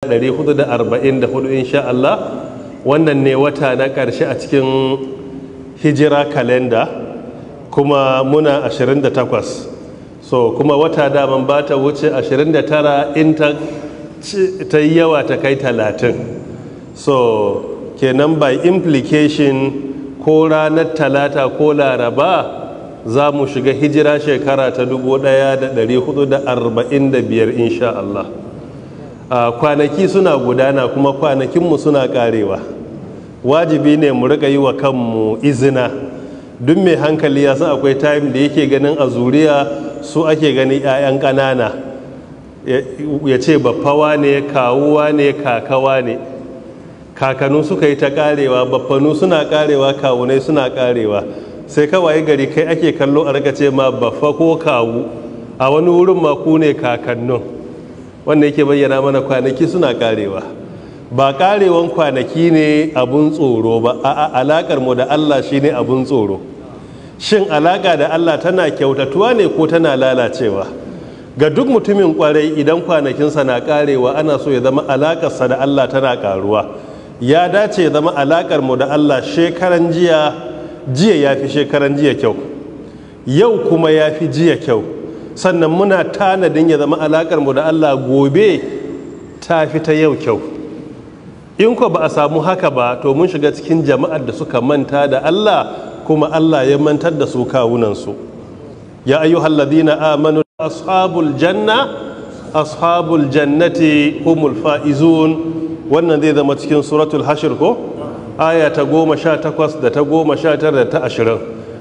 444 insha Allah wannan ne wata na ƙarshe a cikin hijira kalenda kuma muna 28 so kuma wata daman ba ta wuce 29 in ta yi yawa ta kai 30 so kenan by implication ko ranar talata ko laraba za mu shiga hijira shekara ta 1445 insha Allah kwanaki suna gudana kuma kwanakinmu suna karewa wajibi ne mu riƙa yi wa kanmu izina duk mai hankali ya san akwai time da yake ganin a zuriya su ake ganin 'ya'yan ƙanana ya ce baffawa ne kawuwa ne kakawa ne kakanu suka yi ta karewa baffanu suna karewa kawunai suna karewa sai kawai gari kai ake kallo a rika ce ma baffa ko kawu a wani wurin ma ku ne kakannin wanda yake bayyana mana kwanaki suna karewa ba karewan kwanaki ne abun tsoro ba a'a alakar mu da Allah shine abun tsoro shin alaka da Allah tana kyautatuwa ne ko tana lalacewa ga duk mutumin kwarai idan kwanakinsa na karewa ana so ya zama alakarsa da Allah tana karuwa ya dace ya zama alakar mu da Allah shekaran jiya jiya ya fi shekaran jiya kyau yau kuma ya fi jiya kyau sannan muna tanadin ya zama alakar mu da Allah gobe ta fi ta yau kyau in ko ba a samu haka ba to mun shiga cikin jama'ar da suka manta da Allah kuma Allah ya mantar da su kawunansu. Ya ya ayyuhalladhina amanu ashabul janna ashabul jannati humul fa'izun wannan zai zama cikin suratul hashir ko aya ta goma sha takwas da ta goma sha tara da ta ashirin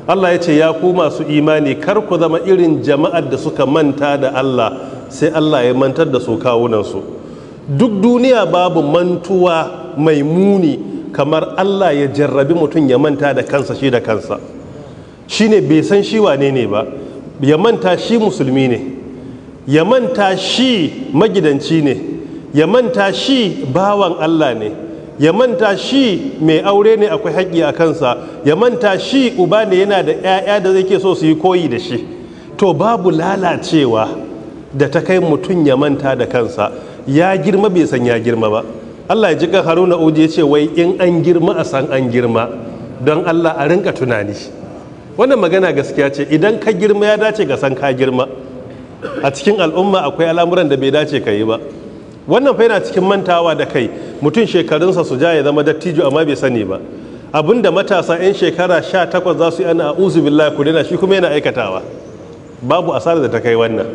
Allah ya ce ya ku masu imani kar ku zama irin jama'ar da suka manta da Allah sai Allah ya mantar da su kawunansu duk duniya babu mantuwa mai muni kamar Allah ya jarrabi mutum ya manta da kansa shi da kansa Shi ne bai san shi wane ne ba ya manta shi musulmi ne ya manta shi magidanci ne ya manta shi bawan Allah ne ya manta shi mai aure ne akwai haƙƙi a kansa ya manta shi uba ne yana da 'ya'ya da zai ke so su yi koyi da shi to babu lalacewa da ta kai mutum ya manta da kansa ya girma bai san ya girma ba allah ya ji kan haruna oji ya ce wai in an girma a san an girma don allah a rinka tunani wannan magana gaskiya ce idan ka girma ya dace ga san ka girma a cikin al'umma akwai al'amuran da bai dace ka yi ba wannan fa yana cikin mantawa da kai mutum shekarunsa su ja ya zama dattijo amma bai sani ba abinda matasa 'yan shekara 18 za su yi ana a uzu billahi ku daina shi kuma yana aikatawa babu asarar da ta kai wannan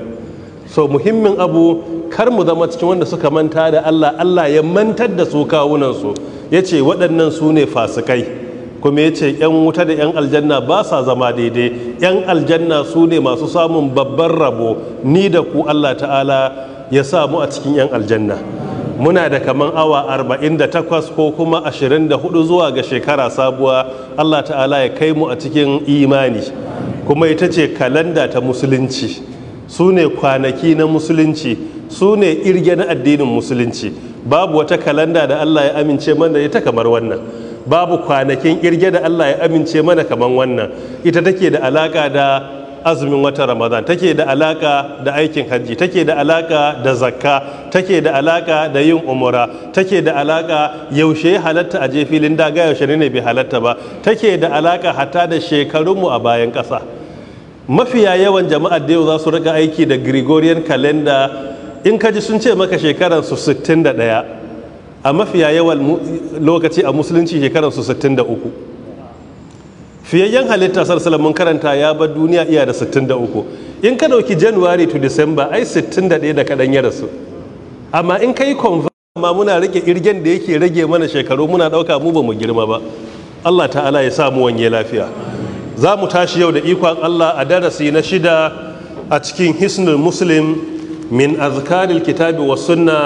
so muhimmin abu kar mu zama cikin wanda suka manta da Allah Allah ya mantar da su kawunansu. Ya ce waɗannan su ne fasikai kuma ya ce yan wuta da yan aljanna ba sa zama daidai yan aljanna su ne masu samun babban rabo ni da ku Allah ta'ala ya sa mu a cikin 'yan aljanna muna da kaman awa 48 ko kuma 24 zuwa ga shekara sabuwa Allah ta'ala ya kai mu a cikin imani kuma ita ce kalanda ta musulunci su ne kwanaki na musulunci su ne irge na addinin musulunci babu wata kalanda da Allah ya amince mana ita kamar wannan babu kwanakin irge da Allah ya amince mana kamar wannan ita take da alaka da azumin watan ramadan take da alaka da aikin hajji take da alaka da zakka take da alaka da yin umura take da alaka yaushe halatta a je filin daga yaushe ne bai halatta ba take da alaka hata da shekarunmu a bayan ƙasa mafiya yawan jama'ar da yau za su rika aiki da gregorian calendar in ka ji sun ce maka shekaran su 61 a mafiya yawan lokaci a musulunci shekaran su 63 fiyayyen halitta sarsalar mun karanta ya bar duniya iya da 63 in ka dauki january to december ai 61 da kadan ya rasu amma in ka yi amma muna rike irgen da yake rage mana shekaru muna dauka mu ba mu girma ba allah ta'ala ya samu wanye lafiya za mu tashi yau da ikon allah a darasi na shida a cikin hisnul muslim min azkaril kitabi wa sunna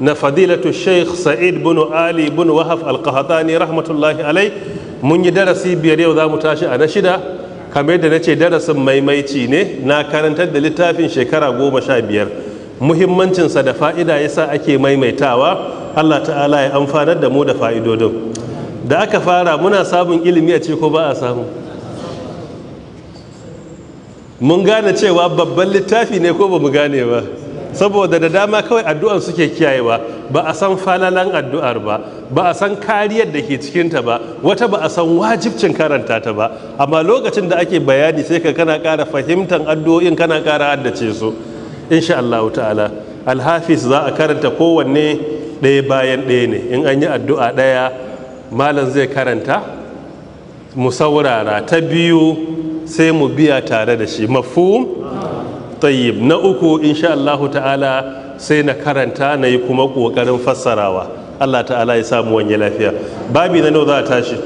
na fadilatu sheikh sa'id bin ali bin wahaf al-qahtani rahmatullahi alai mun yi darasi biyar yau za mu tashi a na shida kamar yadda na ce darasin maimaici ne na karantar da littafin shekara goma sha biyar muhimmancinsa da fa'ida ya sa ake maimaitawa allah ta'ala ya amfanar da mu da fa'idodin da aka fara muna samun ilimi a ce ko ba a samu mun gane cewa babban littafi ne ko ba mu gane ba saboda da dama kawai addu'an suke kiyayewa ba a san falalan addu'ar ba ba a san kariyar da ke cikinta ba wata ba a san wajibcin karanta ta ba amma lokacin da ake bayani sai ka kana kara fahimtar addu'o'in kana ƙara haddace su insha Allah ta'ala Alhafis za a karanta kowanne ɗaya bayan ɗaya ne in an yi addu'a ɗaya malam zai karanta mu saurara ta biyu sai mu biya tare da shi mafhum tayyib na uku insha Allahu ta'ala sai na karanta na yi kuma ƙoƙarin fassarawa Allah ta'ala ya samu wanye lafiya babi na nau za a tashi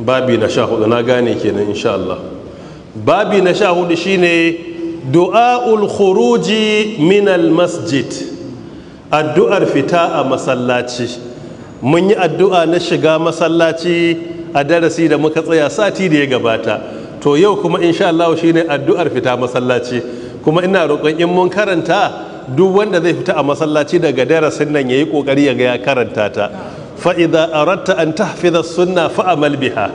babi na sha hudu na gane kenan insha Allah babi na sha hudu shine du'a'ul khuruji min al masjid addu'ar fita a masallaci mun yi addu'a na shiga masallaci a darasi da muka tsaya sati da ya gabata to yau kuma insha Allah shine addu'ar fita masallaci kuma ina roƙon in mun karanta duk wanda zai fita a masallaci daga darasin nan yi ƙoƙari ya gaya ya karanta ta Fa'ida a ratta an tahfiza sunna fa amal biha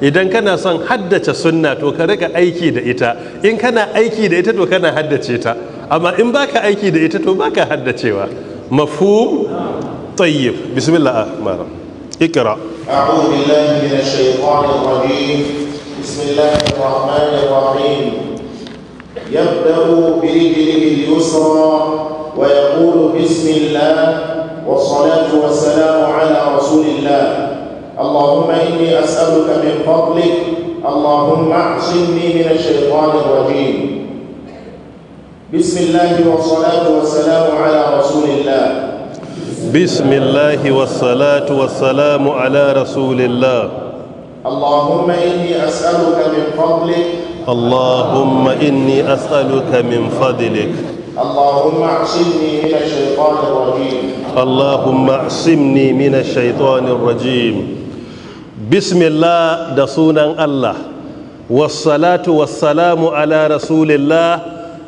idan kana son haddace sunna to ka riƙa aiki da ita in kana aiki da ita to kana haddace ta amma in baka aiki da ita to baka haddacewa mafhum tayyib bismillah ikra a'udhu billahi minash shaitanir rajim بسم الله الرحمن الرحيم يبدأ برجله اليسرى ويقول بسم الله والصلاة والسلام على رسول الله اللهم إني أسألك من فضلك اللهم اعصمني من الشيطان الرجيم بسم الله والصلاة والسلام على رسول الله بسم الله والصلاة والسلام على رسول الله اللهم إني أسألك من فضلك اللهم إني أسألك من فضلك اللهم اعصمني من الشيطان الرجيم اللهم اعصمني من الشيطان الرجيم بسم الله دسونا الله والصلاة والسلام على رسول الله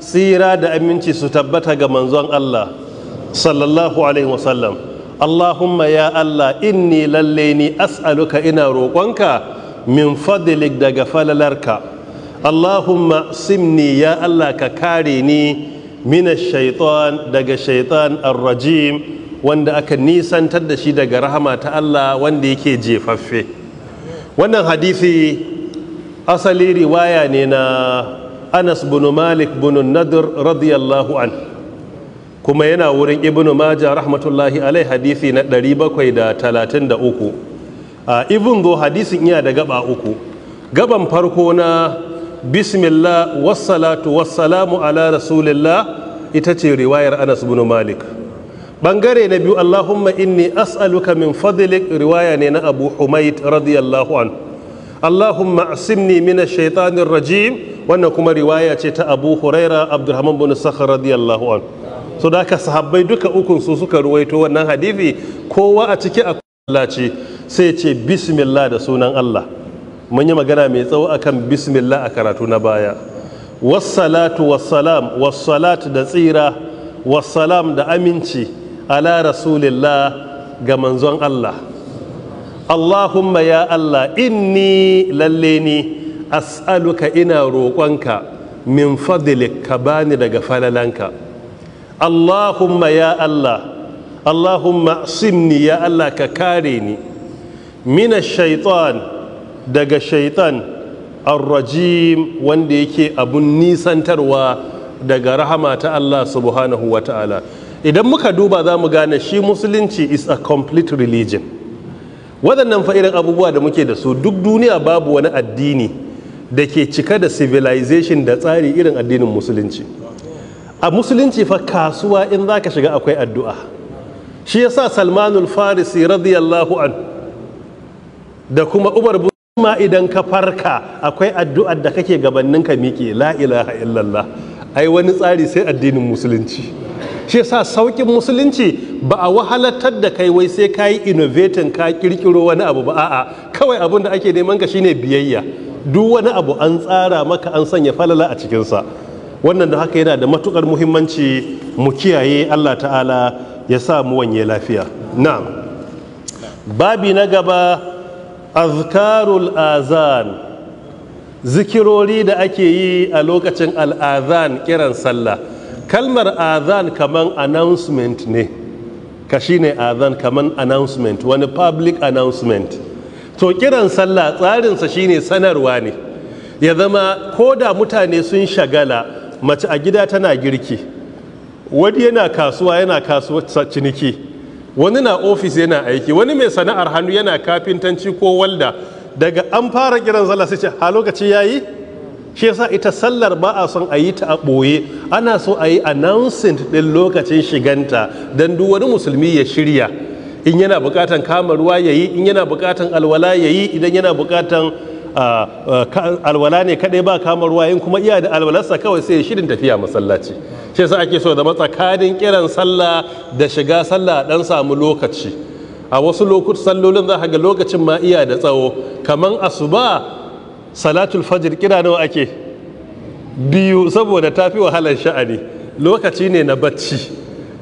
سيرا دا أمينتي ستبتها منزون الله صلى الله عليه وسلم Allahumma ya Allah inni lalle ni as'aluka ina roƙonka min fadlik daga falalarka Allahumma simni ya Allah ka kare ni mina shaitan daga shaitan ar-rajim wanda aka nisantar da shi daga rahama ta Allah wanda yake jefaffe wannan hadisi asali riwaya ne na Anas bin Malik bin Nadr radiyallahu anhu kuma yana wurin ibnu maja rahmatullahi alai hadisi na 733 a ibn zo hadisin iya da gaba uku gaban farko na bismillah wassalatu wassalamu ala rasulillah ita ce riwayar anas bin malik bangare na biyu allahumma inni as'aluka min fadlik riwaya ne na abu humait radiyallahu an allahumma asimni min shaitanir rajim wannan kuma riwaya ce ta abu huraira abdurrahman bin sakhar radiyallahu an so da ka sahabbai duka ukun su suka ruwaito wannan hadithi kowa a ciki a kullaci sai ce bismillah da sunan Allah mun yi magana mai tsawo akan bismillah a karatu na baya wassalatu wassalam wassalat da tsira wassalam da aminci ala rasulillah ga manzon Allah Allahumma ya Allah inni lalle ni as'aluka ina roƙonka min fadlik ka bani daga falalanka Allahumma ya Allah Allahumma simni ya Allah ka kare ni mina shaitan daga shaitan arrajim wanda yake abun nisantarwa daga rahama ta Allah subhanahu wa ta'ala idan muka duba za mu gane shi musulunci is a complete religion waɗannan fa'irin abubuwa da muke da su duk duniya babu wani addini da ke cika da civilization da tsari irin addinin musulunci a musulunci fa kasuwa in za ka shiga akwai addu'a shi ya sa salmanul farisi radiyallahu an da kuma umar ma idan ka farka akwai addu'a da kake gabanin ka miƙe la ilaha illallah ai wani tsari sai addinin musulunci shi ya sa saukin musulunci ba a wahalatar da kai wai sai ka yi innovating ka ƙirƙiro wani abu ba a'a kawai abin da ake neman ka shine biyayya duk wani abu an tsara maka an sanya falala a cikinsa wannan da haka yana da matukar muhimmanci mu kiyaye Allah ta'ala ya sa mu wanye lafiya Na, babi na gaba azkarul azan zikirori da ake yi a lokacin al'azan kiran sallah kalmar azan kaman announcement ne ka ne azan kaman announcement wani public announcement to kiran sallah tsarinsa shine sanarwa ne ya zama ko da mutane sun shagala mace a gida tana girki wani yana kasuwa yana kasuwa ciniki wani na ofis yana aiki wani mai sana'ar hannu yana kafintanci ko walda daga an fara kiran sallah sai ce a lokaci yayi shi yasa ita sallar ba a son a yi ta a ɓoye ana so a yi announcement ɗin lokacin shiganta don duk wani musulmi ya shirya in yana bukatan kama ruwa ya yi in yana bukatan alwala ya yi idan yana bukatan alwala ne kadai ba kamar ruwa in kuma iya da alwalarsa kawai sai shirin tafiya masallaci shi yasa ake so zama tsakanin kiran sallah da shiga sallah dan samu lokaci a wasu lokutan sallolin za ga lokacin ma iya da tsawo kamar asuba salatul fajr kira nawa ake biyu saboda tafi wahalar sha'ani lokaci ne na bacci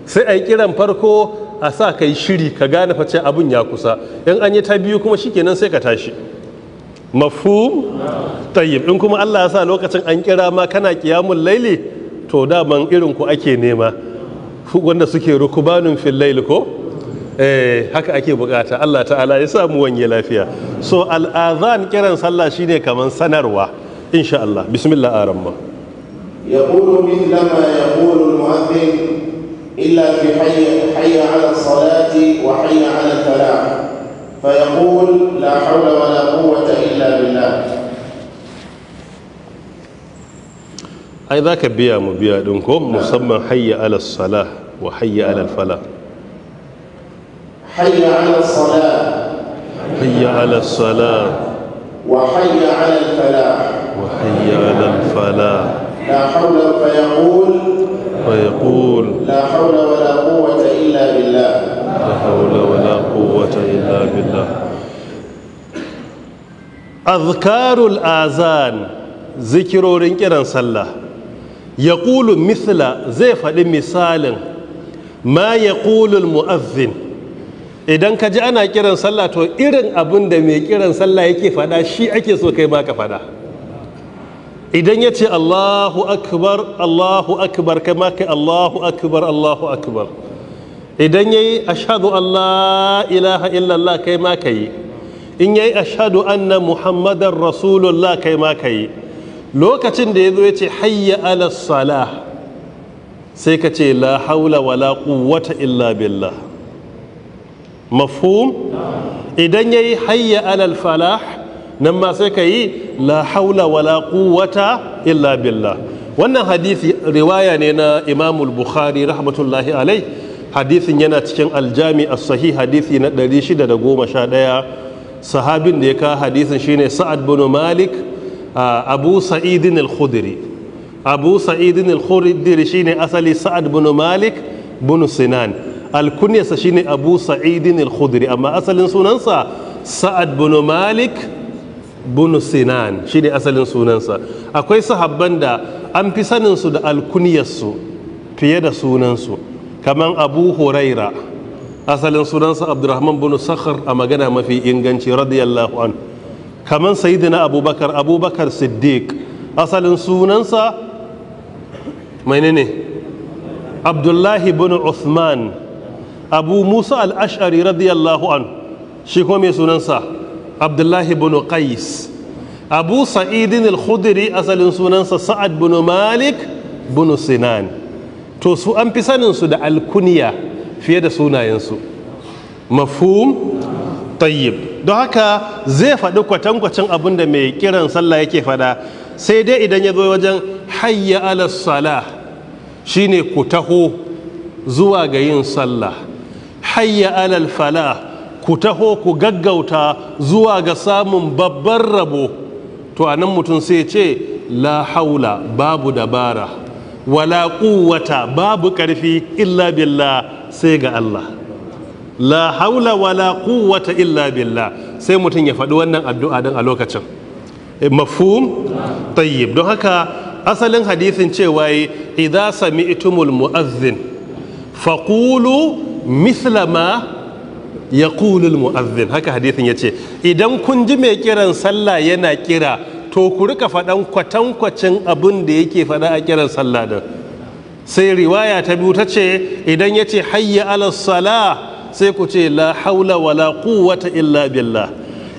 sai a kiran farko a sa ka shiri ka gane face abun ya kusa in an yi ta biyu kuma shikenan sai ka tashi mafhum tayyib in kuma Allah ya sa lokacin an kira ma kana qiyamul laili to daman irin ku ake nema wanda suke rukubanun fil laili ko eh haka ake bukata Allah ta'ala ya sa mu wanye lafiya so al'azan kiran sallah shine kaman sanarwa insha Allah bismillah aramma يقول مثل ما يقول المؤذن إلا في حي حي على الصلاة وحي على الفلاح فيقول لا حول ولا قوة إلا بالله أي ذاك بيا مبيا دونكم مسمى حي على الصلاة وحي على الفلاح حي على الصلاة حي على الصلاة وحي على الفلاح وحي على الفلاح لا حول فيقول فيقول لا حول ولا قوة إلا بالله Azkarul حول ولا قوة إلا بالله أذكار الآذان ذكر رنكرا صلى يقول مثل ما يقول المؤذن idan ka ji ana kiran sallah to irin abin da mai kiran sallah yake fada shi ake so kai maka fada idan ya ce allahu akbar allahu akbar kai kai allahu akbar allahu akbar idan yayi ashadu allah ilaha illallah kai ma kai in yayi ashadu anna Muhammadan rasulullah kai ma kai lokacin da yazo yace hayya ala salah sai ka ce la haula wala quwwata illa billah mafhum idan yayi hayya ala falah nan ma sai ka yi la haula wala quwwata illa billah wannan hadisi riwaya ne na imamul bukhari rahmatullahi alai hadisin yana cikin aljami a sahi hadisi na 611 sahabin da ya kawo hadisin shine sa'ad bin malik abu sa'idin al-khudri abu sa'idin al-khudri shine asali sa'ad bin malik bin sinan alkunyarsa shine abu sa'idin al-khudri amma asalin sunansa sa'ad bin malik bin sinan shine asalin sunansa akwai sahabban da an fi saninsu da alkunyarsu fiye da sunansu kaman abu huraira asalin sunansa abdurrahman bin sakhar a magana mafi inganci radiyallahu an kaman sayyidina abubakar abubakar siddiq asalin sunansa mai ne abdullahi bin uthman abu musa al-ash'ari radiyallahu an shi ko mai sunansa abdullahi bin qais abu sa'idin al-khudri asalin sunansa sa'ad bin malik bin sinan to su an fi saninsu da alkuniya fiye da sunayensu mafhum tayyib don haka zai faɗi kwatankwacin abin da mai kiran sallah yake faɗa sai dai idan ya zo wajen hayya ala sala shine ku taho zuwa ga yin sallah hayya alal fala ku taho ku gaggauta zuwa ga samun babban rabo to anan mutum sai ce la haula babu dabara wala quwwata babu ƙarfi illa billah sai ga Allah la haula wala quwwata illa billah sai mutum ya faɗi wannan addu'a din a lokacin eh, mafhum tayyib don haka asalin hadisin cewa yi idza sami'tumul mu'azzin faqulu mithla ma yaqulu al mu'azzin haka hadisin yace idan kun ji mai kiran sallah yana kira to ku rika faɗan kwatankwacin abin da yake faɗa a kiran sallah din sai riwaya ta biyu ta ce idan ya ce hayya ala sala sai ku ce la haula wala quwwata illa billah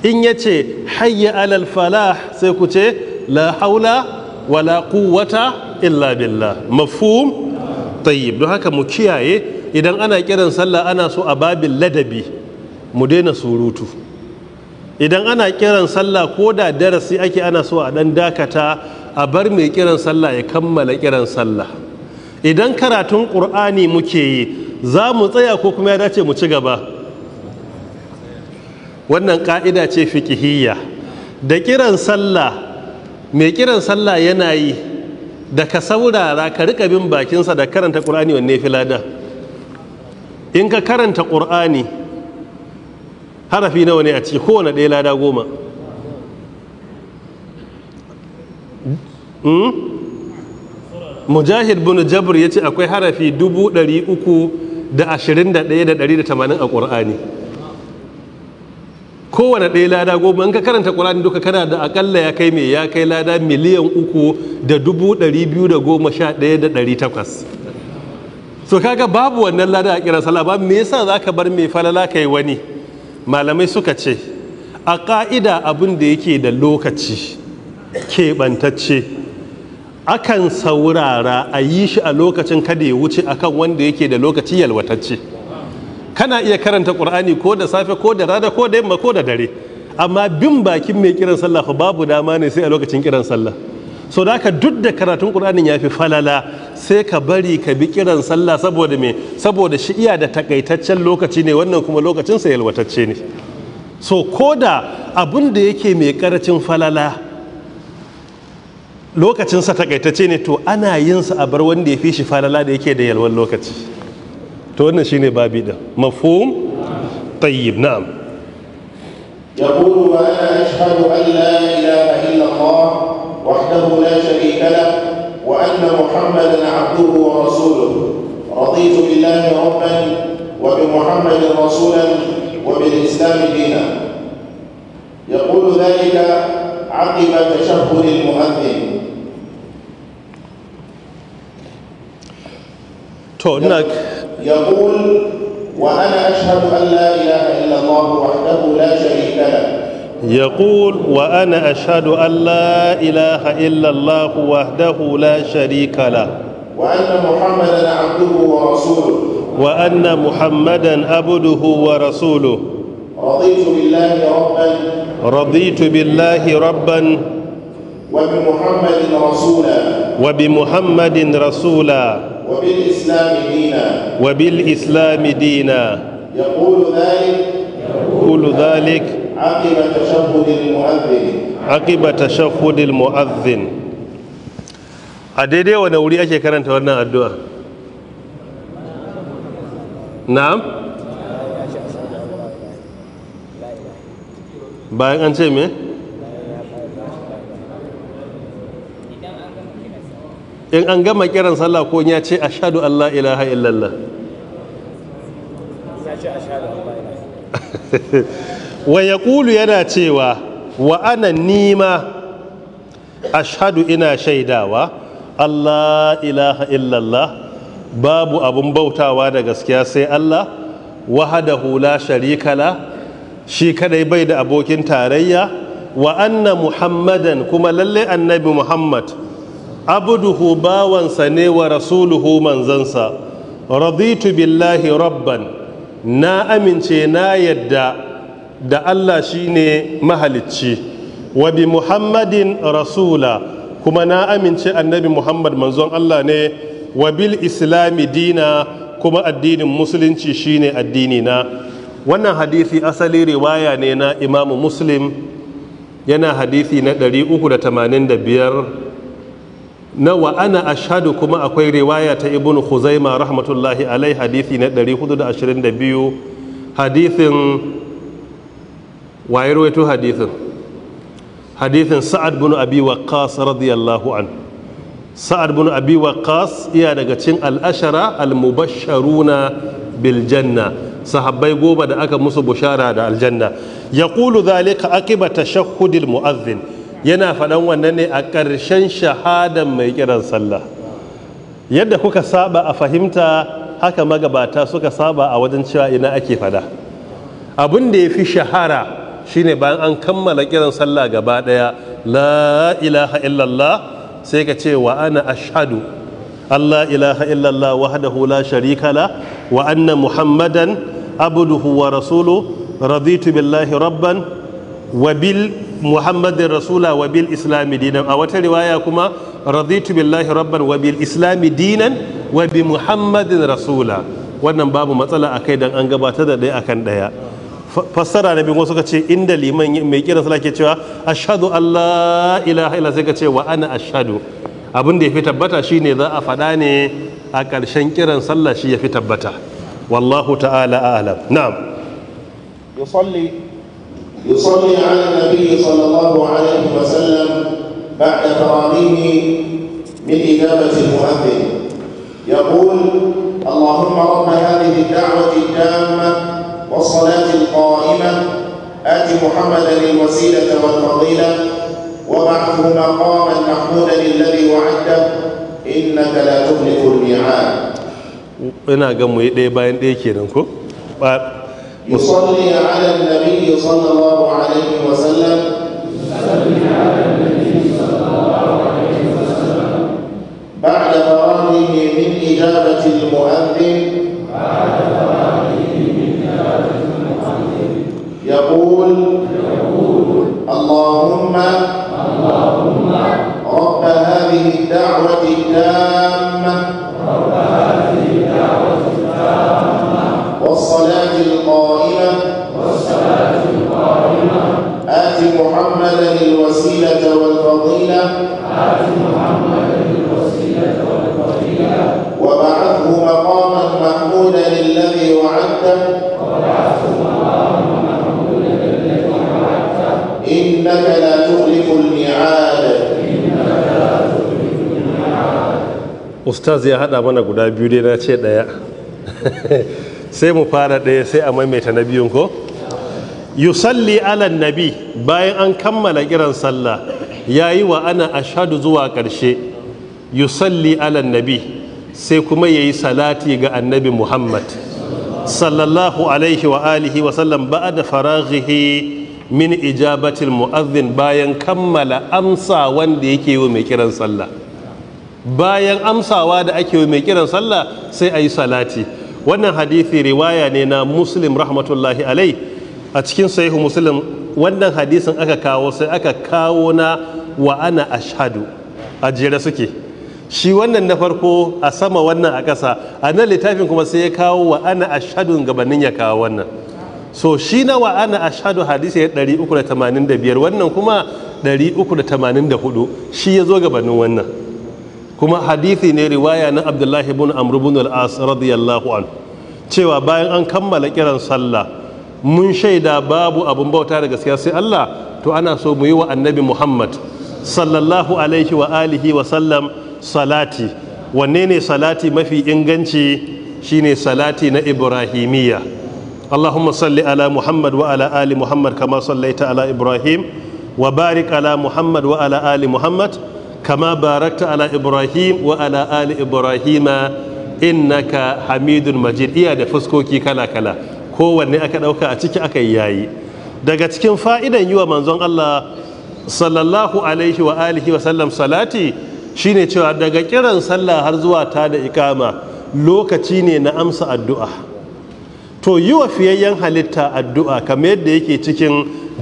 in ya ce hayya ala falah sai ku ce la haula wala quwwata illa billah mafhum tayyib don haka mu kiyaye idan ana kiran sallah ana so a babin ladabi mu daina surutu idan ana kiran sallah ko da darasi ake ana so a dan dakata a bar mai kiran sallah ya kammala kiran sallah idan karatun ƙur'ani muke yi za mu tsaya ko kuma ya dace mu ci gaba wannan ƙa'ida ce fikihiyya da kiran sallah mai kiran sallah yana yi da ka saurara ka riƙa bin bakinsa da karanta ƙur'ani wanne filada in ka karanta ƙur'ani harafi nawa ne a ciki kowane ɗaya lada goma hmm? mujahid bin jabir ya ce akwai harafi 321,180 a ƙur'ani kowane ɗaya lada goma in ka karanta ƙur'ani duka kana da aƙalla ya kai mai ya kai lada miliyan uku da dubu ɗari biyu da goma sha ɗaya da ɗari takwas so kaga babu wannan lada a kira salama me yasa za ka bar mai falala kai wani malamai suka ce a ƙa'ida abin da yake da lokaci keɓantacce akan saurara a yi shi a lokacin kada ya wuce akan wanda yake da lokaci yalwatacce kana iya karanta ƙur'ani ko da safe ko da rana ko da yamma ko da dare amma bin bakin mai kiran sallah babu dama ne sai a lokacin kiran sallah so da ka duk da karatun ƙur'anin ya fi falala sai ka bari ka bi kiran sallah saboda me saboda shi iya da takaitaccen lokaci ne wannan kuma lokacin sa yalwatacce ne so koda abin da yake mai karacin falala lokacinsa takaitacce ne to ana yin sa a bar wanda ya fi shi falala da yake da yalwan lokaci to wannan shine babi din mafhum tayyib na'am illa وحده لا شريك له وأن محمدا عبده ورسوله رضيت بالله ربا وبمحمد رسولا وبالإسلام دينا يقول ذلك عقب تشهد المؤذن تونك يقول وأنا أشهد أن لا إله إلا الله وحده لا شريك له يقول وأنا أشهد أن لا إله إلا الله وحده لا شريك له وأن محمدا عبده ورسوله وأن محمدا عبده ورسوله رضيت بالله ربا رضيت بالله ربا وبمحمد رسولا وبمحمد رسولا وبالإسلام دينا وبالإسلام دينا يقول ذلك يقول ذلك عقب تشهد المؤذن عقب تشهد المؤذن a daidai wuri ake karanta wannan addu'a na'am bayan an ce me in an gama kiran sallah ko ya ce ashadu allah ilaha illallah wa ya ƙulu yana cewa wa ana nima ashadu ina shaidawa Allah ilaha illallah babu abun bautawa da gaskiya sai Allah wahada hula sharikala shi kadai bai da abokin tarayya wa anna muhammadan kuma lalle annabi muhammad abduhu bawansa ne wa rasuluhu manzansa raditu billahi rabban na amince na yadda da Allah shine mahalicci wa bi muhammadin rasula kuma na amince annabi muhammad manzon Allah ne wa bil islami dina kuma addinin musulunci shine addini na wannan hadisi asali riwaya ne na imamu muslim yana hadisi na 385 na wa ana ashadu kuma akwai riwaya ta ibn khuzaima rahmatullahi alai hadisi na 422 hadisin waye rawaito hadithin hadithin sa'ad bin abi waqqas radiyallahu an sa'ad bin abi waqqas iya daga cin al'ashara al-mubashsharuna bil janna sahabbai goma da aka musu bushara da aljanna yaqulu dhalika aqiba tashahhudil mu'adhdhin yana faɗan wannan ne a ƙarshen shahadan mai kiran sallah yadda kuka saba a fahimta haka magabata suka saba a wajen cewa ina ake faɗa abin da ya fi shahara shine bayan an kammala kiran sallah gaba daya la ilaha illallah sai ka ce wa ana ashhadu Allah ilaha illallah wahdahu la sharika la wa anna muhammadan abduhu wa rasulu, raditu billahi rabban wa bil muhammadin rasula wa bil islami dinan a wata riwaya kuma raditu billahi rabban wa bil islami dinan wa bi muhammadin rasula wannan babu matsala a kai don an gabata da ɗaya akan ɗaya fassara na biyu wasu ka ce inda liman mai kira sala ke cewa ashadu allah ilaha illa sai ka ce wa ana ashadu abin da ya fi tabbata shine za a faɗa ne a ƙarshen kiran sallah shi ya fi tabbata wallahu ta'ala a'lam na'am yusalli yusalli ala nabi sallallahu alaihi wa sallam ba'da faramihi min ijabati al-mu'adhdhin yaqul allahumma rabb hadhihi ad-da'wati ad-damma والصلاة القائمة آت محمدا الوسيلة والفضيلة وبعثه مقاما محمودا الذي وعدته إنك لا تخلف الميعاد أنا قم يدي yi ɗaya bayan ɗaya يصلي على النبي صلى الله عليه وسلم بعد فراغه من إجابة المؤذن بعد فراغه اللهم رب هذه الدعوة التامة والصلاة القائمة والصلاة القائمة آت محمدا الوسيلة والفضيلة آت محمدا إنك لا تخلف الميعاد Ustaz ya haɗa mana guda biyu dai na ce ɗaya sai mu fara ɗaya sai a maimaita na biyun ko? yusalli ala nabi bayan an kammala kiran sallah ya yi wa ana ashadu zuwa ƙarshe yusalli ala nabi sai kuma ya yi salati ga annabi muhammad sallallahu alaihi wa alihi wa sallam ba'a da faraghihi min ijabatil mu'azzin bayan kammala amsa wanda yake yi mai kiran sallah bayan amsawa da ake yi mai kiran sallah sai a yi salati wannan hadithi riwaya ne na muslim rahmatullahi alai a cikin sahihu muslim wannan hadisin aka kawo sai aka kawo na wa ana ashadu a jere suke shi wannan na farko a sama wannan a ƙasa a nan littafin kuma sai ya kawo wa ana ashadun gabanin ya kawo wannan so shi na wa ana ashadu hadisi ya 385 wannan kuma 384 shi ya zo gabanin wannan kuma hadisi ne riwaya na abdullahi bin amr bin al-as radiyallahu an cewa bayan an kammala kiran sallah mun shaida babu abun bauta da gaskiya sai Allah to ana so mu yi wa annabi Muhammad sallallahu alaihi wa alihi wa sallam salati wanne ne salati mafi inganci shine salati na ibrahimiyya اللهم صل على محمد وعلى آل محمد كما صليت على إبراهيم وبارك على محمد وعلى آل محمد كما باركت على إبراهيم وعلى آل إبراهيم إنك حميد مجيد إيا دفسكوكي كلا كلا kowanne aka ɗauka a ciki aka yayi daga cikin fa'idan yi wa manzon Allah sallallahu alaihi wa alihi wa sallam salati shine cewa daga kiran sallah har zuwa ta da ikama lokaci ne na amsa addu'a to yi wa fiyayyen halitta addu'a kamar yadda yake cikin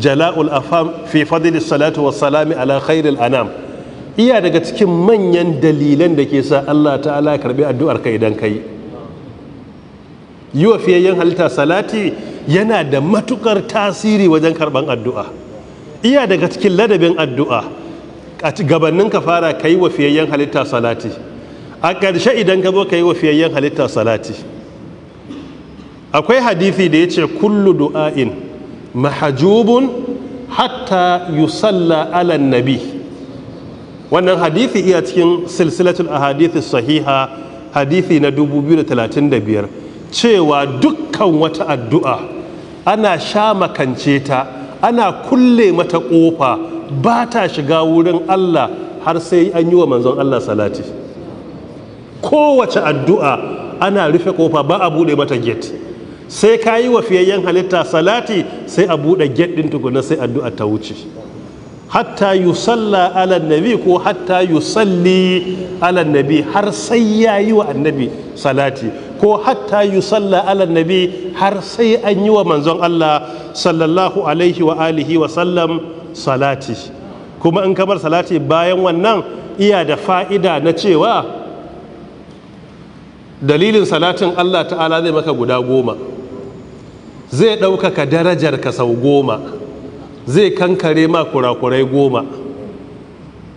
jala'ul afam fi fadil salatu wa salami ala khairil anam iya daga cikin manyan dalilan da ke sa Allah ta'ala karbi addu'ar ka idan kai yi wa fiyayyen halitta salati yana da matukar tasiri wajen karban addu'a iya daga cikin ladabin addu'a a gabanin ka fara kai wa fiyayyen halitta salati a ƙarshe idan ka zo ka yi wa fiyayyen halitta salati akwai hadithi da ya ce kullu du'ain mahajubun hatta yusalla ala nabi wannan hadithi iya cikin silsilatul ahadithi sahiha hadithi na 2035 cewa dukkan wata addu'a ana sha makance ta ana kulle mata kofa ba ta shiga wurin Allah har sai an yi wa manzon Allah salati kowace addu'a ana rufe kofa ba a bude mata gate sai ka yi wa fiyayyen halitta salati sai a buɗe gyaɗin tukuna sai addu'a ta wuce hatta yi salla ala nabi ko hatta yi salli ala nabi har sai ya yi wa annabi salati ko hatta yi salla ala nabi har sai an yi wa manzon Allah sallallahu alaihi wa alihi wa sallam salati kuma in kamar salati bayan wannan iya da fa'ida na cewa dalilin salatin Allah ta'ala zai maka guda goma zai ɗaukaka darajar ka sau goma zai kankare ma kurakurai goma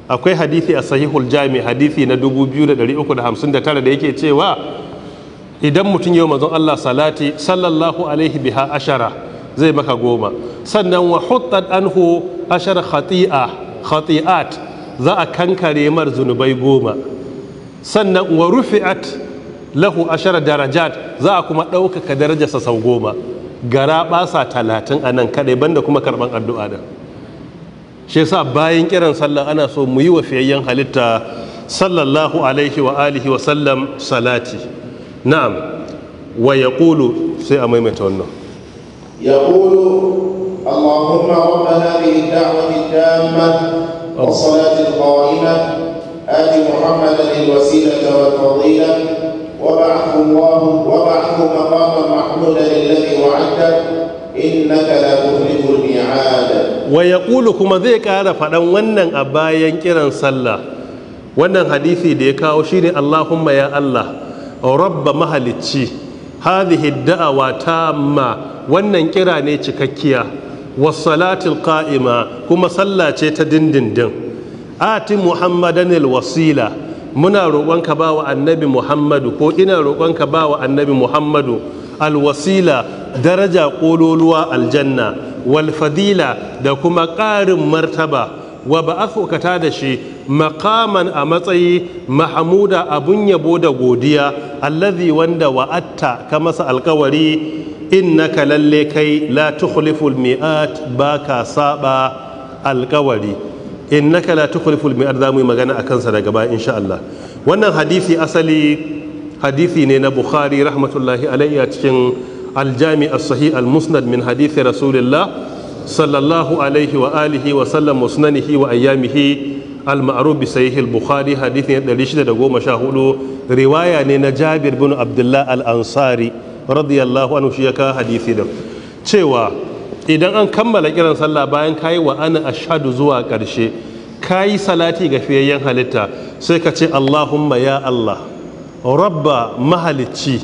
akwai hadithi a sahihul jami hadithi na 2359 da yake cewa idan mutum yau mazan Allah salati sallallahu alaihi biha ashara zai maka goma sannan wa huttat anhu ashara khati'a khati'at za a kankare mar zunubai goma sannan wa rufi'at lahu ashara darajat za a kuma ɗaukaka darajarsa sau goma gara basa talatin a nan kaɗai banda kuma karban addu'a da shi yasa bayan kiran sallah ana so mu yi wa halitta sallallahu alaihi wa alihi wa sallam salati na'am wa yaqulu sai a maimaita wannan yaqulu اللهم رب هذه الدعوة التامة والصلاة القائمة آت محمدا الوسيلة والفضيلة وبعثه الله وبعثه مقاما محمودا الذي وعدته إنك لا تخلف الميعاد ويقول كما ذيك أنا فدان wannan a bayan kiran sallah wannan hadisi da ya kawo shine Allahumma ya Allah rabb mahalicci hadhihi da'awa tamma wannan kira ne cikakkiya wasalatul qa'ima kuma sallah ce ta dindindin ati muhammadan alwasila muna roƙonka ba wa annabi muhammadu ko ina roƙonka ba wa annabi muhammadu alwasila daraja ƙololuwa aljanna walfadila da kuma ƙarin martaba wa ba ka da shi makaman a matsayi mahamuda abun yabo da godiya allazi wanda wa'atta ka masa alkawari innaka lalle kai la tukhliful mi'at baka saba alkawari innaka la tukhliful mi'ad zamu magana akan sa daga baya insha Allah wannan hadisi asali hadisi ne na Bukhari rahmatullahi alayhi a cikin al-Jami' as-Sahih al-Musnad min hadisi rasulillah sallallahu alaihi wa alihi wa sallam musnanihi wa ayyamihi al-ma'ruf bi sahih al-Bukhari hadisi 614 riwaya ne na Jabir bin Abdullah al-Ansari radiyallahu anhu shi ya ka hadisi da cewa idan an kammala kiran sallah bayan kayi wa ana shadu zuwa ƙarshe kayi salati ga fiyayyen halitta sai ka ce Allahumma ya Allah rabba mahalicci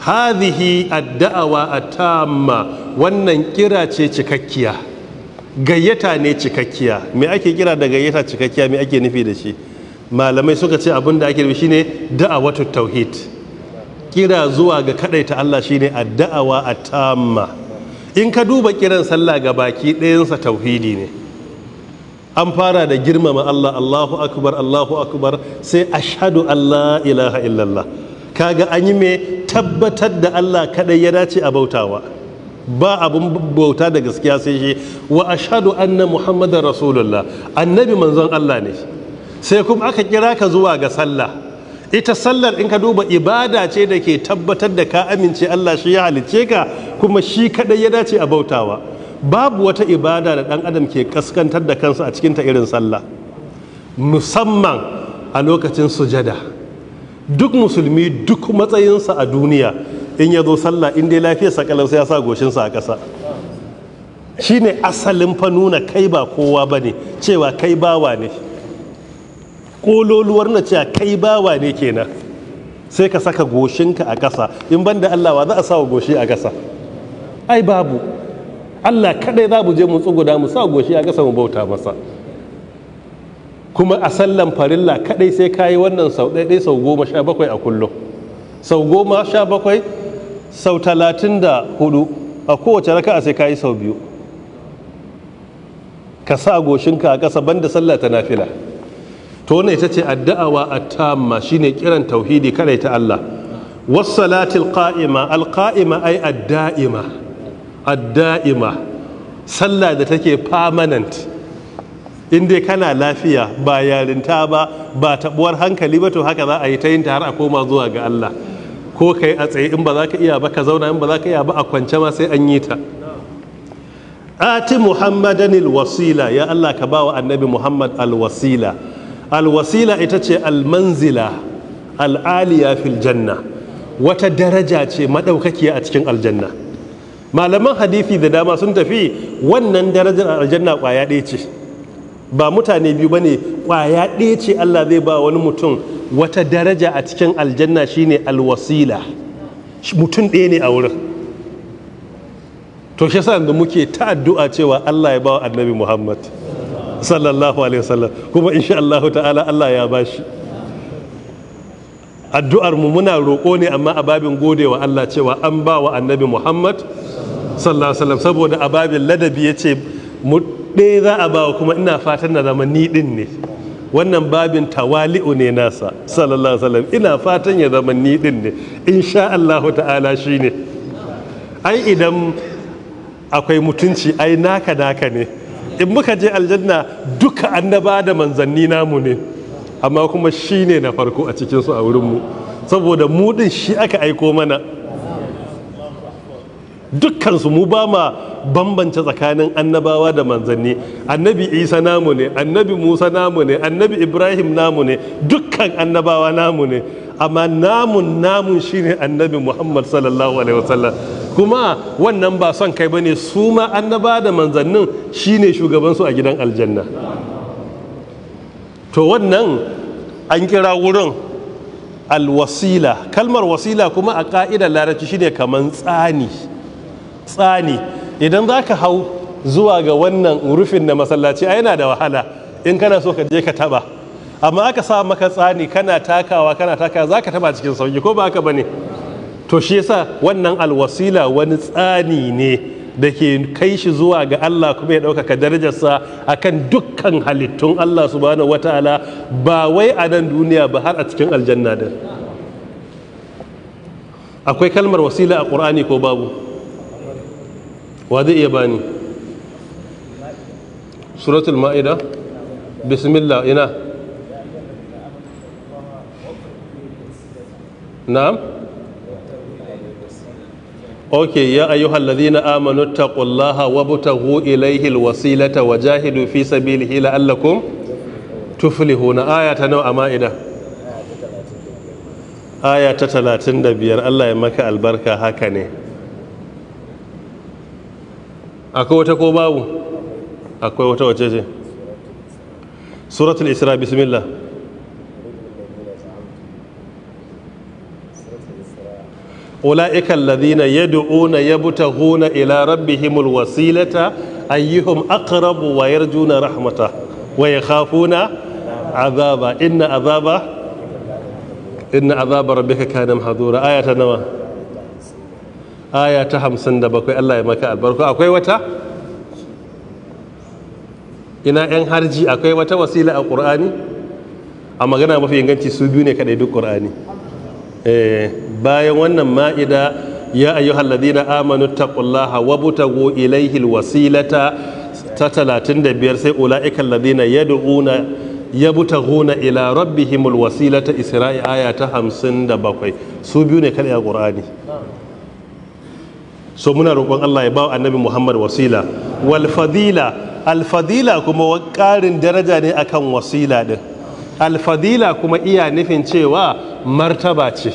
hadhihi adda'awa atamma wannan kira ce cikakkiya gayyata ne cikakkiya me ake kira da gayyata cikakkiya me ake nufi da shi malamai suka ce abin da ake nufi shine da'awatu tauhid kira zuwa ga kadaita Allah shine a atamma in ka duba kiran sallah ga baki ɗayansa tauhidi ne an fara da girmama Allah Allahu akbar Allahu akbar sai ashhadu Allah ilaha illallah kaga an yi mai tabbatar da Allah kadai ya dace a bautawa ba abun bauta da gaskiya sai shi wa ashhadu anna muhammadar rasulullah annabi manzon Allah ne sai kuma aka kira ka zuwa ga sallah ita sallar in ka duba ibada ce da ke tabbatar da ka amince Allah shi ya halicce ka kuma shi kadai ya dace a bautawa babu wata ibada da dan adam ke kaskantar da kansa a cikin ta irin sallah musamman a lokacin sujada duk musulmi duk matsayinsa a duniya in ya zo sallah in dai lafiya sakalar sai ya sa goshinsa a ƙasa ne asalin fa nuna kai ba kowa bane cewa kai bawa ne kololuwar na cewa kai bawa ne kenan sai ka saka goshinka a ƙasa in ban da Allah wa za a sawa goshi a ƙasa ai babu Allah kaɗai za mu je mu tsuguda mu sa goshi a ƙasa mu bauta masa kuma a sallan farilla kaɗai sai kayi wannan sau ɗaya sau goma sha bakwai a kullum sau goma sha bakwai sau talatin da hudu a kowace raka'a sai kayi sau biyu ka sa goshinka a ƙasa banda sallah ta fila. to ne ita ce addu'awa at-tamma shine kiran tauhidi kada ta Allah was salatil qa'ima al-qa'ima ay ad-da'ima ad-da'ima sallah da take permanent in dai kana lafiya ba yarinta ba ba tabuwar hankali ba to haka za a yi ta yinta har a koma zuwa ga Allah ko kai a tsaye in ba za ka iya ba ka zauna in ba za ka iya ba a kwance ma sai an yi ta ati muhammadan alwasila ya Allah ka bawa annabi muhammad alwasila alwasila ita ce almanzila al'aliya fil janna wata daraja ce maɗaukakiya a cikin aljanna malaman hadisi da dama sun tafi wannan darajar aljanna ƙwaya ɗaya ce ba mutane biyu ba ne ƙwaya ɗaya ce allah zai ba wani mutum wata daraja a cikin aljanna shine alwasila mutum ɗaya ne a wurin to shi sa muke ta addu'a cewa allah ya ba wa annabi muhammad sallallahu alaihi wasallam kuma insha Allah ta'ala Allah ya bashi addu'ar mu muna roƙo ne amma a babin godewa Allah cewa an ba wa annabi Muhammad sallallahu alaihi wasallam saboda a babin ladabi yace mu ɗaya za a bawa kuma ina fatan na zama ni din ne wannan babin tawali'u ne nasa sallallahu alaihi wasallam ina fatan ya zama ni din ne insha Allah ta'ala shine ai idan akwai mutunci ai naka naka ne in muka je aljanna duka annaba da manzanni namu ne amma kuma shi ne na farko a cikinsu a wurinmu saboda mu din shi aka aiko mana dukkansu mu ba ma bambance tsakanin annabawa da manzanni annabi isa namu ne annabi musa namu ne annabi ibrahim namu ne dukkan annabawa namu ne amma namun namun shine annabi muhammad sallallahu alaihi wasallam kuma wannan ba son kai ba ne su ma annaba da manzannin shine shugabansu a gidan aljanna to wannan an kira wurin alwasila kalmar wasila kuma a ka'idar larabci shine kamar tsani tsani idan za ka hau zuwa ga wannan rufin na masallaci a yana da wahala in kana so ka je ka taba amma aka sa maka tsani kana takawa kana takawa za ka taba cikin sauki ko ba haka ba ne to shi yasa wannan alwasila wani tsani ne da ke kai shi zuwa ga Allah kuma ya ɗaukaka darajarsa akan dukkan halittun Allah su wata wata'ala ba wai a nan duniya ba har a cikin aljanna din akwai kalmar wasila a ƙur'ani ko babu wa zai iya bani suratul ma'ida bismillah ina na'am ok ya ayyuhal ladhina amanu taqullaha wabtaghu ilayhi alwasilata wajahidu fi sabilihi la'allakum tuflihuna aya ta nawa ma'ida aya ta 35 Allah ya maka albarka haka ne akwai wata ko babu akwai wata wace ce suratul isra أولئك الذين يدعون يبتغون إلى ربهم الوسيلة أيهم أقرب ويرجون رحمته ويخافون عذابه إن عذابه إن عذاب ربك كان محذورا آية نوى آية همسن دبكوي الله يمك البركة أكوي وتا ina yan harji akwai wata wasila a ƙur'ani a magana mafi inganci su biyu ne kaɗai duk ƙur'ani Eh, bayan wannan ma'ida ya halladi ladina amanu taqullaha go ilaihil wasilata ta talatin da biyar, sai ulaika ya buta yabtaghuna ila himul wasilata isra'i aya ta bakwai. su biyu ne kalli a qur'ani so muna roƙon Allah ya ba annabi Muhammad wasila wal fadila al fadila kuma ƙarin daraja ne akan wasila din alfadila kuma iya nufin cewa martaba ce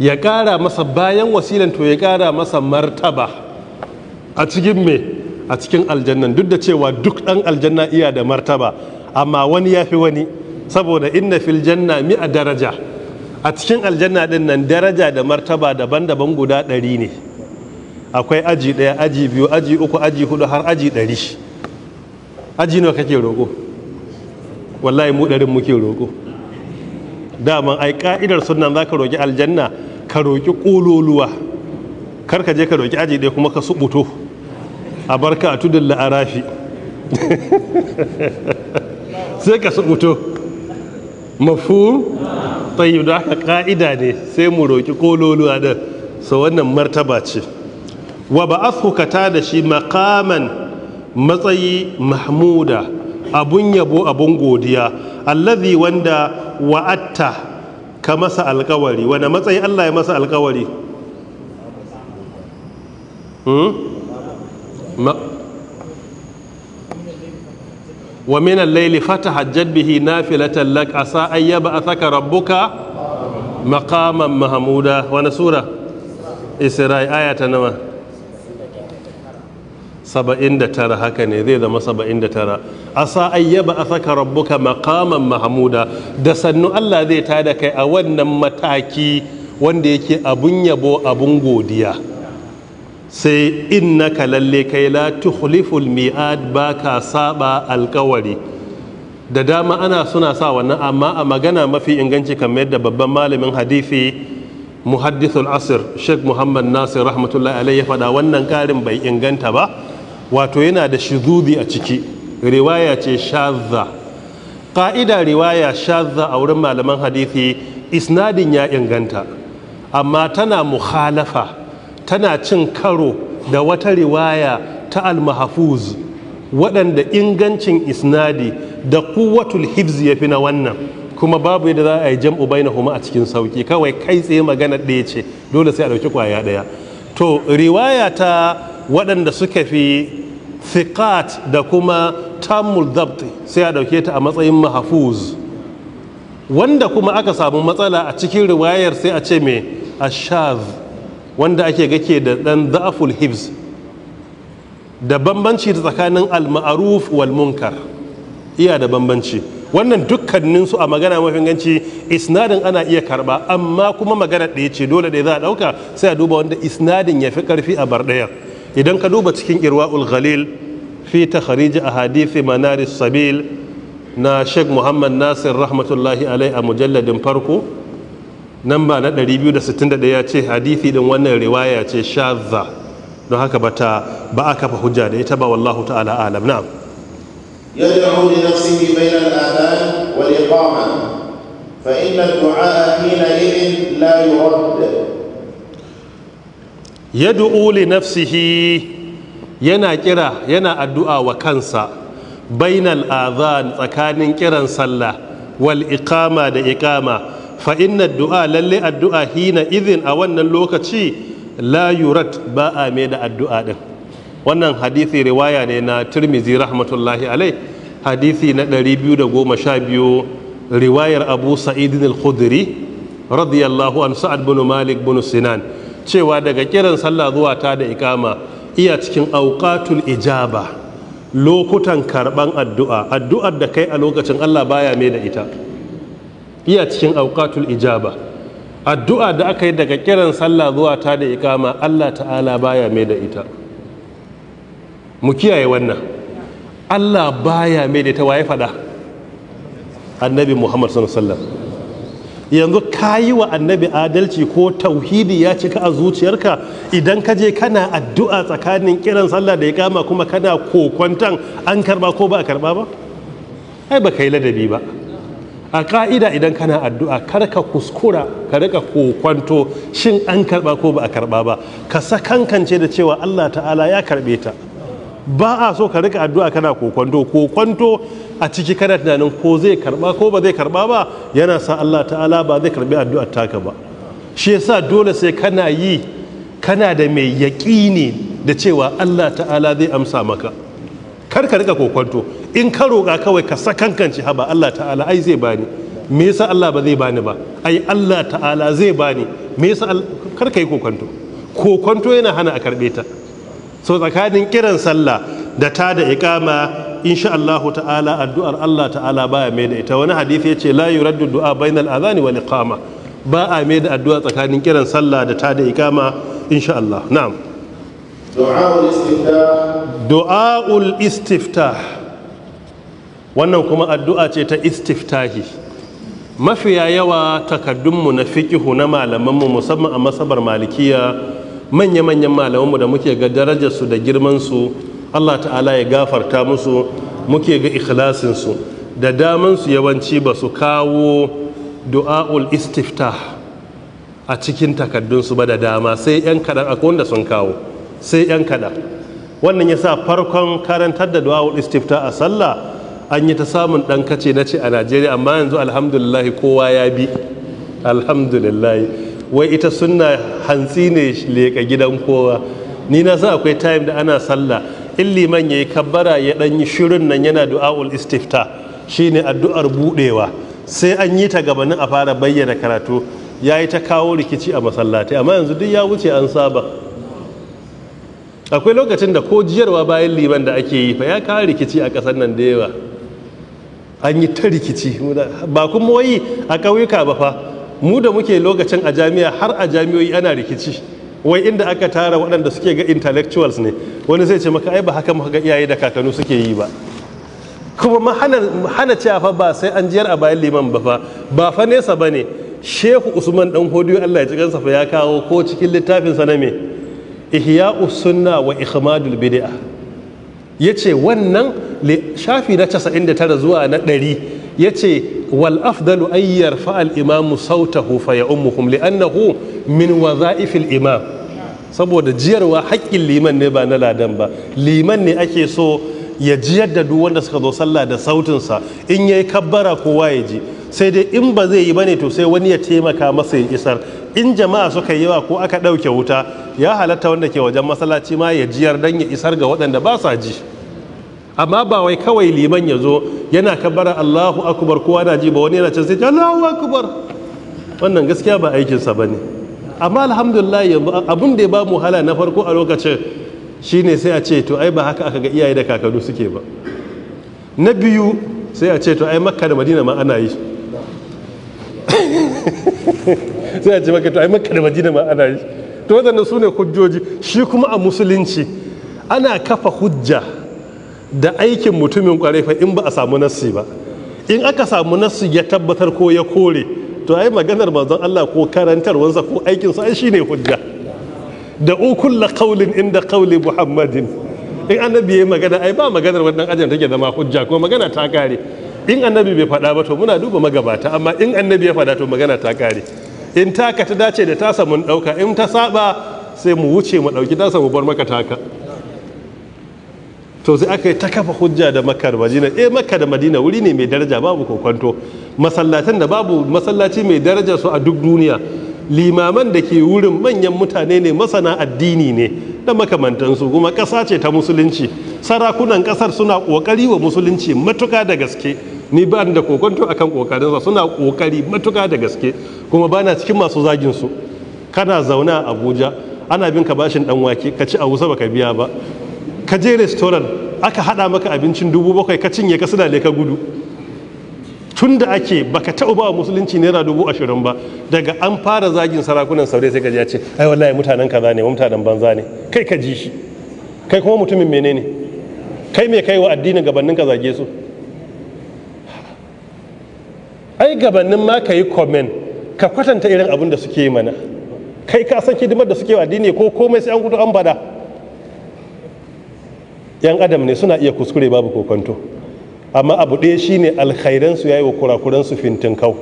ya ƙara masa bayan wasilan to ya ƙara masa martaba a cikin me a cikin aljannan duk da cewa duk ɗan aljanna iya da martaba amma wani ya fi wani saboda inna fil janna mi a daraja a cikin aljanna ɗin nan daraja da martaba daban-daban guda ɗari ne akwai aji ɗaya aji biyu aji uku aji hudu har aji ɗari aji nawa kake roƙo wallahi mu ɗarin muke roƙo daman ai ka'idar sunan za ka roƙi aljanna ka roƙi ƙololuwa kar ka je ka roƙi aji ɗaya kuma ka suɓuto a barka a tudun la'arafi sai ka suɓuto mafu tsayi da haka ka'ida ne sai mu roƙi ƙololuwa ɗin so wannan martaba ce wa ba ka da shi makaman matsayi mahmuda abun yabo abun godiya allazi wanda wa'atta ka masa alkawari wanda matsayin Allah ya masa alkawari hmm? wa min al-layli fatahajjat bihi nafilatan lak asa ayyaba athaka rabbuka maqaman mahmuda wa sura isra'i ayata nama. saba'in da tara haka ne zai zama saba'in da tara a sa ayyaba a saka rabbuka makaman mahamuda da sannu allah zai tada kai a wannan mataki wanda yake abun yabo abun godiya sai ka lalle kai la tuhliful mi'ad ba ka saba alkawari da dama ana suna sa wannan amma a magana mafi inganci kamar yadda babban malamin hadisi muhaddithul asir sheikh muhammad nasir rahmatullahi alaihi ya faɗa wannan ƙarin bai inganta ba wato yana da shizudi a ciki riwaya ce shazza ƙa'ida riwaya shazza a wurin malaman hadithi isnadin ya inganta amma tana muhalafa tana cin karo da wata riwaya ta almahafuz waɗanda ingancin isnadi da kuwatul hifzi ya fi na wannan kuma babu yadda za a yi jam'u bai na huma a cikin sauki kawai kai tsaye magana ɗaya ce dole sai a ɗauki ƙwaya ɗaya to riwaya ta waɗanda suka fi thiqat da kuma tamul dabti sai a ɗauke ta a matsayin mahafuz wanda kuma aka samu matsala a cikin riwayar sai a ce mai ashaz wanda ake gake da ɗan da'aful hibs da bambanci tsakanin al-ma'aruf wal munkar iya da bambanci wannan dukkaninsu a magana mafi ganci isnadin ana iya karba amma kuma magana ɗaya ce dole ɗaya za a ɗauka sai a duba wanda isnadin ya fi ƙarfi a bar ɗaya idan ka duba cikin irwa'ul ghalil fi takhrij ahadith as sabil na Sheikh Muhammad Nasir rahmatullahi alai a mujalladin farko namba na 261 ya ce hadithi din wannan riwaya ce shadha don haka bata ba aka fa hujja da ita ba wallahu ta'ala alam na'am yad'u li nafsihi bayna al-adhan wal iqama fa inna ad-du'a hina la yurad yad'u li nafsihi yana kira yana addu'a wa kansa bainal azan tsakanin kiran sallah wal iqama da iqama fa inna du'a lalle addu'a hina idhin a wannan lokaci la yurat ba a mai da addu'a din wannan hadithi riwaya ne na Tirmizi rahmatullahi alai hadithi na 212 riwayar Abu Sa'id al-Khudri radiyallahu an Sa'ad bin Malik bin Sinan cewa daga kiran sallah zuwa ta da ikama iya cikin auqatul ijaba lokutan karban addu'a addu'ar da kai a lokacin Allah baya mai da ita iya cikin auqatul ijaba addu'a da aka yi daga kiran sallah zuwa ta da ikama Allah ta'ala baya mai da ita mu kiyaye wannan Allah baya mai da ita waye fada annabi Muhammad sallallahu alaihi yanzu ka yi wa annabi adalci ko tauhidi ya cika a zuciyarka idan ka je kana addu'a tsakanin kiran sallah da ya kama kuma kana kokwantan an karba ko ba a karba ba ai ba ka yi ladabi ba a ka'ida idan kana addu'a kar ka kuskura ka rika kokwanto shin an karba ko ba a karba ba ka sa kankance da cewa allah ta'ala ya karbe ta ba a so ka rika addu'a kana kokwanto kokwanto a ciki kana tunanin ko zai karba ko ba zai karba ba yana sa Allah ta'ala ba zai karbi ta taka ba shi yasa dole sai kana yi kana da mai yaƙini da cewa Allah ta'ala zai amsa maka kar ka rika kokwanto in ka roƙa kawai ka sakankanci haba Allah ta'ala ai zai bani me yasa Allah ba zai bani ba ai Allah ta'ala zai bani me yasa kar ka yi kokwanto kokwanto yana hana a karbe ta so tsakanin kiran sallah da ta da iqama insha Allah ta'ala addu'ar Allah ta'ala baya mai da ita wani hadisi yace la yuraddu du'a bainal adhani wal iqama ba a mai da addu'a tsakanin kiran sallah da ta da iqama insha Allah na'am du'aul istiftah wannan kuma addu'a ce ta istiftahi mafiya yawa takaddunmu na fikihu na malamanmu musamman a masabar malikiya manya-manyan malamanmu da muke ga darajarsu da girmansu allah ta'ala ya gafarta musu muke ga ikhlasinsu da damansu yawanci ba su kawo du'a'ul istifta a cikin takaddunsu ba da dama sai 'yan kaɗan a wanda sun kawo sai 'yan kada wannan ya sa farkon karantar da du'a'ul istifta a sallah an yi ta samun ɗan kace na ce a najeriya amma yanzu alhamdulillahi kowa ya bi alhamdulillahi wai ita sunna hantsi ne leƙa gidan kowa ni na san akwai time da ana sallah in liman yi kabbara ya dan yi shirin nan yana du'aul istifta shine addu'ar buɗewa. sai an yi ta gabanin a fara bayyana karatu Ya yi ta kawo rikici a masallatai amma yanzu duk ya wuce an saba akwai lokacin da ko jiyarwa bayan liman da ake yi fa ya kawo rikici a ƙasar nan da yawa an yi ta rikici ba kuma wai a ƙauyuka ba fa mu da muke lokacin a jami'a har a jami'oyi ana rikici wai inda aka tara waɗanda suke ga intellectuals ne wani zai ce maka ai ba haka muka ga iyaye da kakannu suke yi ba kuma ma hana cewa fa ba sai an jiyar a bayan liman ba fa ba fa nesa ba ne shehu usman ɗan hodiyo allah ya ji gansa fa ya kawo ko cikin littafinsa na me ihya'u sunna wa ikhmadul bid'a yace wannan shafi na 99 zuwa na 100 yace wal afdalu an fa'al al imamu sautahu fa ya'ummuhum li'annahu min wazaifil imam saboda jiyarwa haƙƙin liman ne ba na ladan ba liman ne ake so ya jiyar da duk wanda suka zo sallah da sautinsa in yayi kabbara kowa ya ji sai dai in ba zai yi bane to sai wani ya taimaka masa ya isar in jama'a suka yi yawa ko aka ɗauke wuta ya halatta wanda ke wajen masallaci ma ya jiyar dan ya isar ga waɗanda ba sa ji amma ba wai kawai liman ya zo yana kabara Allahu akubar kowa na ji ba wani yana can sai Allahu akubar wannan gaskiya ba aikinsa ba ne amma alhamdulillah yanzu abin da ya ba mu hala na farko a lokacin shine sai a ce to ai ba haka aka ga iyaye da kakannu suke ba na biyu sai a ce to ai makka da madina ma ana yi sai a ce maka to ai makka da madina ma ana yi to wadannan su ne hujjoji shi kuma a musulunci ana kafa hujja da aikin mutumin kwarai fa in ba a samu nassi ba in aka samu nassi ya tabbatar ko ya kore to ai maganar manzon Allah ko karantarwansa ko aikinsa ai ne hujja da ukulla qaulin inda qauli muhammadin in annabi ya magana ai ba maganar wannan ajin take zama hujja kuma magana ta kare in annabi bai faɗa ba to muna duba magabata amma in annabi ya faɗa to magana ta kare in taka ta dace da tasa mun ɗauka in ta saba sai mu wuce mu ɗauki tasa mu bar maka taka to sai aka yi ta kafa hujja da makar da madina eh makka da madina wuri ne mai daraja babu kokwanto masallatan da babu masallaci mai daraja su a duk duniya limaman da ke wurin manyan mutane ne masana addini ne da makamantansu kuma ƙasa ce ta musulunci sarakunan ƙasar suna ƙoƙari wa musulunci matuka da gaske ni ba da kokonto akan ƙoƙarinsa suna ƙoƙari matuka da gaske kuma bana cikin masu zagin su kana zauna a abuja ana bin ka bashin dan wake ka ci a wusa baka biya ba ka je restaurant aka hada maka abincin dubu bakwai ka cinye ka suna ka gudu tun da ake baka taɓa ba musulunci naira dubu ashirin ba daga an fara zagin sarakunan saurai sai ka ji ya ce ai wallahi mutanen kaza ne mutanen banza ne kai ka ji shi kai kuma mutumin menene kai me kai wa addinin gabanin ka zage su ai gabanin ma ka yi komen ka kwatanta irin abin da suke yi mana kai ka san kidimar da suke wa addini ko komai sai an gudu an bada yan adam ne suna iya kuskure babu kokonto amma abu ɗaya shine alkhairansu yi wa kurakuransu fintin kau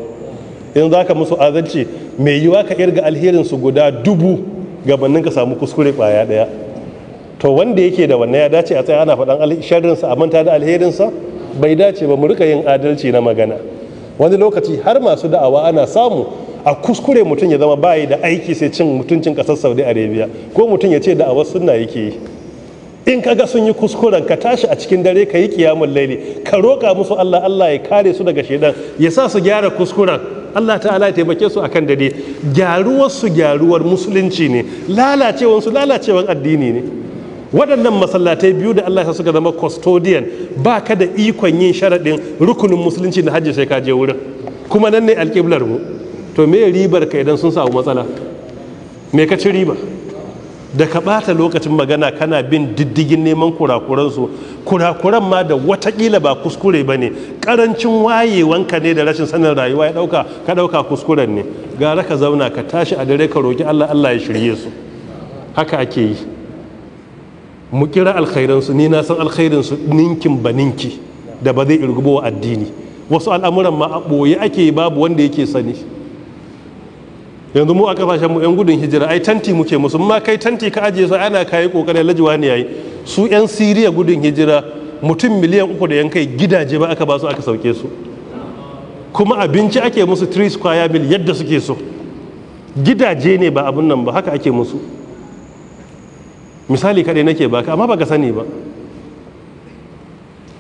in za ka musu azalci mai yiwa ka irga alherinsu guda dubu gabanin ka samu kuskure ɓaya ɗaya to wanda yake da wannan ya dace a tsaya ana faɗan sharrinsa a manta da alherinsa bai dace ba mu rika yin adalci na magana wani lokaci har masu da'awa ana samu a kuskure mutum ya zama bayi da aiki sai cin mutuncin ƙasar saudi arabia ko mutum ya ce da'awar sunna yake yi in kaga sun yi kuskuren ka tashi a cikin dare ka yi kiyamun laili ka roƙa musu Allah Allah ya kare su daga shaidan ya sa su gyara kuskuren Allah ta'ala ya taimake su akan dade gyaruwar su gyaruwar musulunci ne lalacewar su lalacewar addini ne waɗannan masallatai biyu da Allah ya suka zama custodian ba ka da ikon yin sharaɗin rukunin musulunci na hajji sai ka je wurin kuma nan ne alƙiblar mu to me ribar ka idan sun samu matsala me ka ci riba da ka ɓata lokacin magana kana bin diddigin neman kurakuransu kurakuran ma da watakila ba kuskure ba ne ƙarancin wayewanka ne da rashin sanin rayuwa ya ɗauka ka ɗauka kuskuren ne gara ka zauna ka tashi a dare ka roƙi allah allah ya shirye su haka ake yi mu kira alkhairansu ni na san alkhairinsu ninkin ba ninki da ba zai irgubo wa addini wasu al'amuran ma a ɓoye ake babu wanda yake sani yanzu mu a kasashen mu yan gudun hijira ai tanti muke musu ma kai tanti ka ajiye su ana kai kokarin lajiwa ne yayi su yan siriya gudun hijira mutum miliyan uku da kai gidaje ba aka ba su aka sauke su kuma abinci ake musu 3 square mil yadda suke so gidaje ne ba abun nan ba haka ake musu misali kaɗai nake baka amma baka sani ba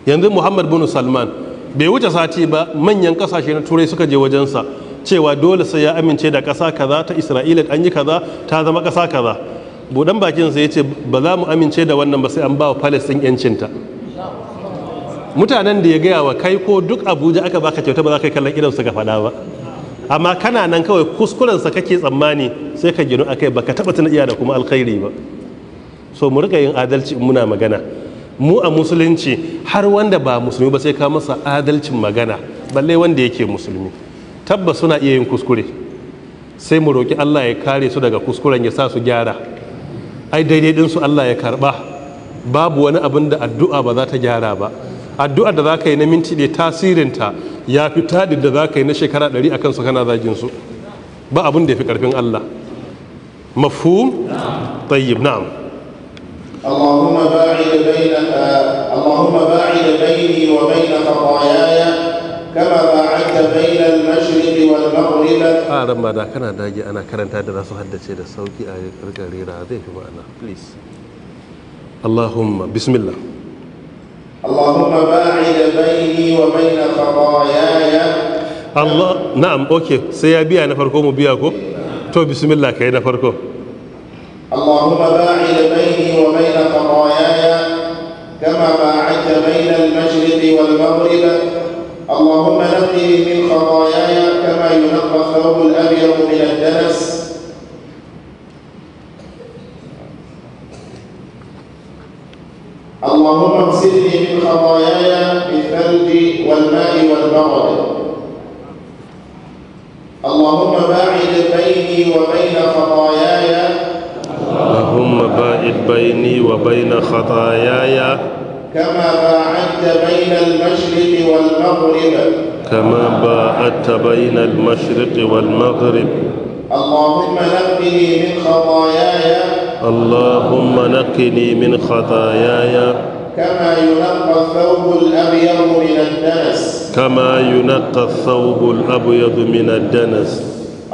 yanzu muhammad bin salman bai wuce sati ba manyan kasashe na turai suka je wajensa cewa dole sai ya amince da ƙasa kaza ta isra'ila an yi kaza ta zama ƙasa kaza budan bakin sai ya ce ba za mu amince da wannan ba sai an ba wa palestin yancinta mutanen da ya gaya wa kai ko duk abuja aka baka kyauta ba za ka yi kallon irinsu ka faɗa ba amma kana nan kawai kuskurensa kake tsammani sai ka ginu akai baka taɓa tuna iya da kuma alkhairi ba so mu riƙa yin adalci in muna magana mu a musulunci har wanda ba musulmi ba sai ka masa adalcin magana balle wanda yake musulmi tabbas suna iya yin kuskure sai mu roƙi Allah ya kare su daga kuskuren ya sa su gyara ai daidai su Allah ya karɓa babu wani abin da addu'a ba za ta gyara ba addu'a da za ka yi na minti ɗaya ta ya fi tadin da za ka yi na shekara ɗari akan su kana zagin su ba abin da ya fi ƙarfin Allah mafhum tayyib na'am اللهم باعد بين اللهم باعد بيني وبين خطاياي a ah, ramada kana dage ana karanta da rasu haddace da sauki a yi karkare da zai fi ma'ana please allahumma bismillah allahumma ba'i da baini wa baina fadayaya na'am okay sai ya biya na farko mu biya ko to bismillah kai na farko allahumma ba'i da baini wa baina fadayaya kama ba'i da baina al-mashriqi wal maghrib اللهم نقني من خطاياي كما ينقى الثوب الابيض من الدنس اللهم اغسلني من خطاياي بالثلج والماء والبرد اللهم باعد بيني وبين خطاياي اللهم باعد بيني وبين خطاياي كما باعدت بين المشرق والمغرب كما باعدت بين المشرق والمغرب اللهم نقني من خطاياي اللهم نقني من خطاياي كما ينقى الثوب الأبيض من الدنس كما ينقى الثوب الأبيض من الدنس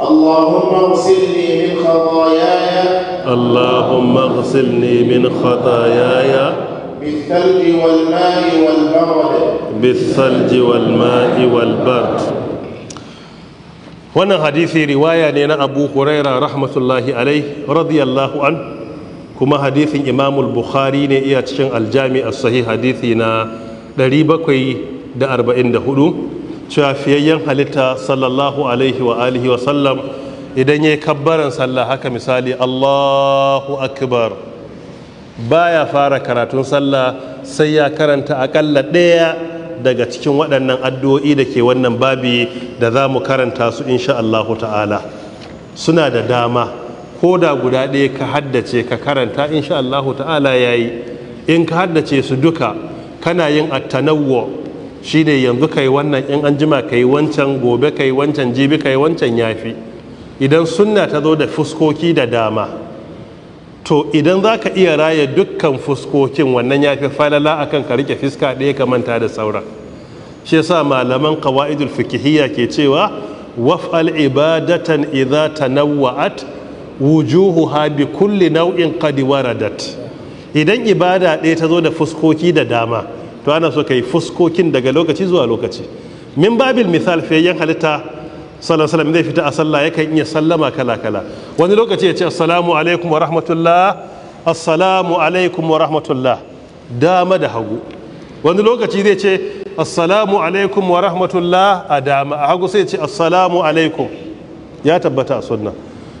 اللهم اغسلني من خطاياي اللهم اغسلني من خطاياي بالثلج والماء والبرد بالثلج والماء والبرد wannan hadisi riwaya ne na abu huraira rahmatullahi alai radiyallahu an kuma hadisin imamul bukhari ne iya cikin aljami a sahih hadisi na 744 cewa fiyayyen halitta sallallahu alaihi wa alihi wa sallam idan ya yi kabbaran sallah haka misali allahu akbar baya fara karatun sallah sai ya karanta akalla ɗaya daga cikin waɗannan addu'o'i da ke wannan babi da za mu karanta su insha Allah ta'ala suna da dama ko da guda ɗaya ka haddace ka karanta insha Allah ta'ala ya yi in ka haddace su duka kana yin attanawwa shi ne yanzu ka yi wannan in an jima ka yi wancan gobe ka yi wancan jibi ka yi wancan yafi idan sunna ta zo da fuskoki da dama to idan za ka iya raya dukkan fuskokin wannan ya fi falala akan ka rike fiska ɗaya ka manta da sauran shi yasa malaman qawaidul fikihiyya ke cewa waf'al ibadatan idza tanawwa'at wujuhuha bi kulli nau'in qad waradat idan ibada ɗaya ta zo da fuskoki da dama to ana so ka yi fuskokin daga lokaci zuwa lokaci min babil misal fayyan halitta sallallahu alaihi zai fita a sallah yakan iya sallama kala kala wani lokaci ya ce assalamu alaikum wa rahmatullah assalamu alaikum wa rahmatullah dama da hagu wani lokaci zai ce assalamu alaikum wa rahmatullah a dama a hagu sai ce assalamu alaikum ya tabbata a sunna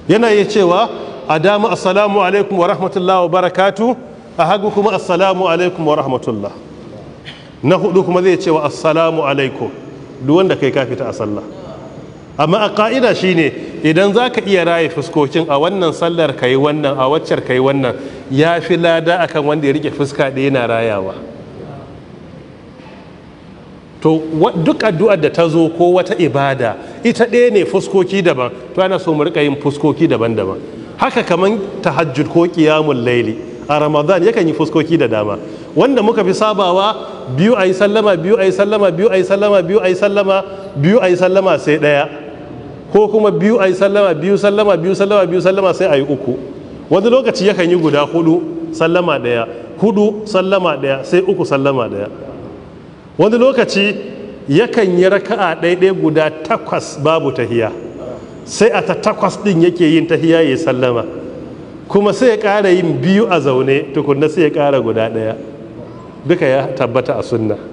yana iya cewa a dama assalamu alaikum wa rahmatullah wa barakatu a hagu kuma assalamu alaikum wa rahmatullah na hudu kuma zai cewa assalamu alaikum duk wanda kai ka fita a sallah amma a shine idan za ka iya raye fuskokin a wannan sallar ka yi wannan a waccar ka yi wannan ya fi lada akan wanda ya rike fuska ɗaya na rayawa to duk addu'ar da ta zo ko wata ibada ita ɗaya ne fuskoki daban to ana so mu rika yin fuskoki daban-daban haka ta tahajjud ko qiyamul laili a ramadan yakan yi fuskoki da dama wanda muka fi sabawa biyu ayi sallama biyu ayi sallama biyu ayi sallama biyu ayi sallama biyu ayi sallama sai ɗaya ko kuma biyu a yi sallama biyu sallama biyu sallama biyu sallama sai a yi uku wani lokaci yakan yi guda hudu sallama daya hudu sallama daya sai uku sallama daya wani lokaci yakan yi raka'a ɗaiɗai guda takwas babu tahiya sai a ta takwas ɗin yake yin tahiya ya sallama kuma sai ya ƙara yin biyu a zaune tukunna sai ya ƙara guda ɗaya duka ya tabbata a sunna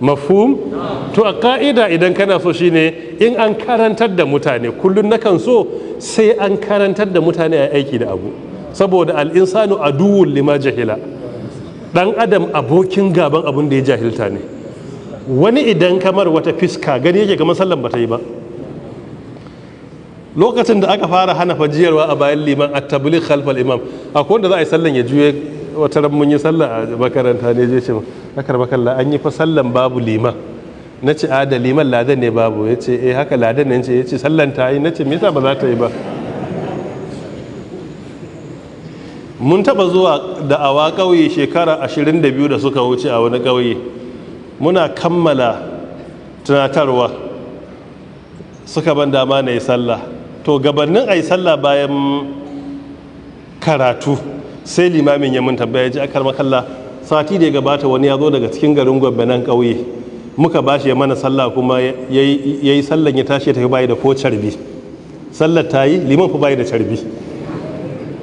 mafhum to a ka'ida idan kana so shine in an karantar da mutane kullum nakan so sai an karantar da mutane a aiki da abu saboda al'insanu aduwwul lima jahila dan adam abokin gaban abin da ya jahilta ne wani idan kamar wata fiska gani yake ga ba bata yi ba lokacin da aka fara hana fajiyarwa a bayan liman at-tabligh khalfal imam akwai wanda za a yi sallan ya juye wata ran mun yi sallah a makaranta ne je ce akar makalla an yi fa sallan babu liman na ce a da liman ladan ne babu ya ce eh haka ladan ne ce ya ce sallan ta yi na ce me yasa ba za ta yi ba mun taba zuwa da awa ƙauye shekara 22 da suka wuce a wani ƙauye muna kammala tunatarwa suka ban dama na yi sallah to gabanin a yi sallah bayan karatu sai limamin ya mun tambaya ji akar makalla sati da ya gabata wani ya zo daga cikin garin gombe nan ƙauye muka bashi ya mana sallah kuma ya yi sallan ya tashi ya tafi bayi da ko carbi sallar ta yi liman ku bayi da carbi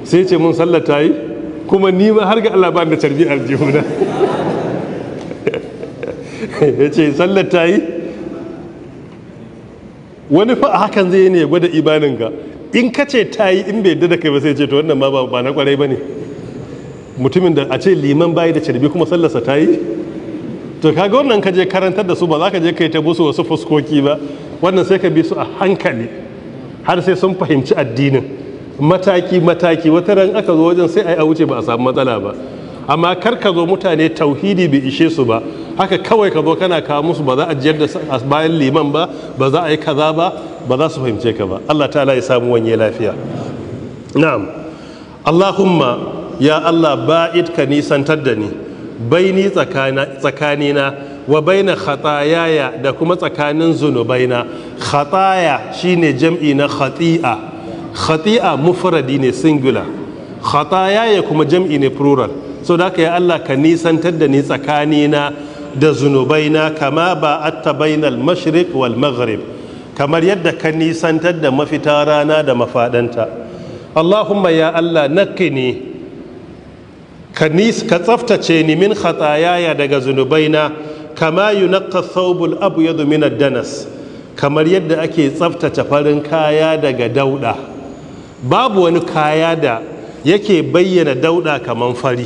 sai ce mun sallar ta yi kuma ni ma har ga Allah ba da carbi aljihuna ya ce sallar ta yi wani fa a hakan zai ne ya gwada ga in ka ce ta yi in bai yadda da kai ba sai ce to wannan ma ba na kwarai ba ne mutumin da a ce liman bayi da carbi kuma sallarsa ta yi to kaga wannan ka je karantar da su ba za ka je kai ta busu wasu fuskoki ba wannan sai ka bi su a hankali har sai sun fahimci addinin mataki mataki wata ran aka zo wajen sai a yi a wuce ba a samu matsala ba amma kar ka zo mutane tauhidi bai ishe su ba haka kawai ka zo kana kawo musu ba za a jiyar da bayan liman ba ba za a yi kaza ba ba za su fahimce ka ba Allah ta'ala ya samu wanye lafiya na'am Allahumma ya Allah ba'id ka nisantar da ni tsakanina wa baina khatayaya da kuma tsakanin zunubaina khataya shine jam'i na khati'a khati'a mufradi ne singular khatayaya kuma jam'i ne plural so da ya Allah ka nisantar da ni tsakanina da zunubaina kama ba atta bainal mashriq wal maghrib kamar yadda ka nisantar da mafita rana da mafadanta Allahumma ya Allah nakini ka tsaftace ni min khatayaya daga zunubaina kama yunaqqa thawbul abyadu min ad-danas kamar yadda ake tsaftace farin kaya daga dauda babu wani kaya da yake bayyana dauda kaman fari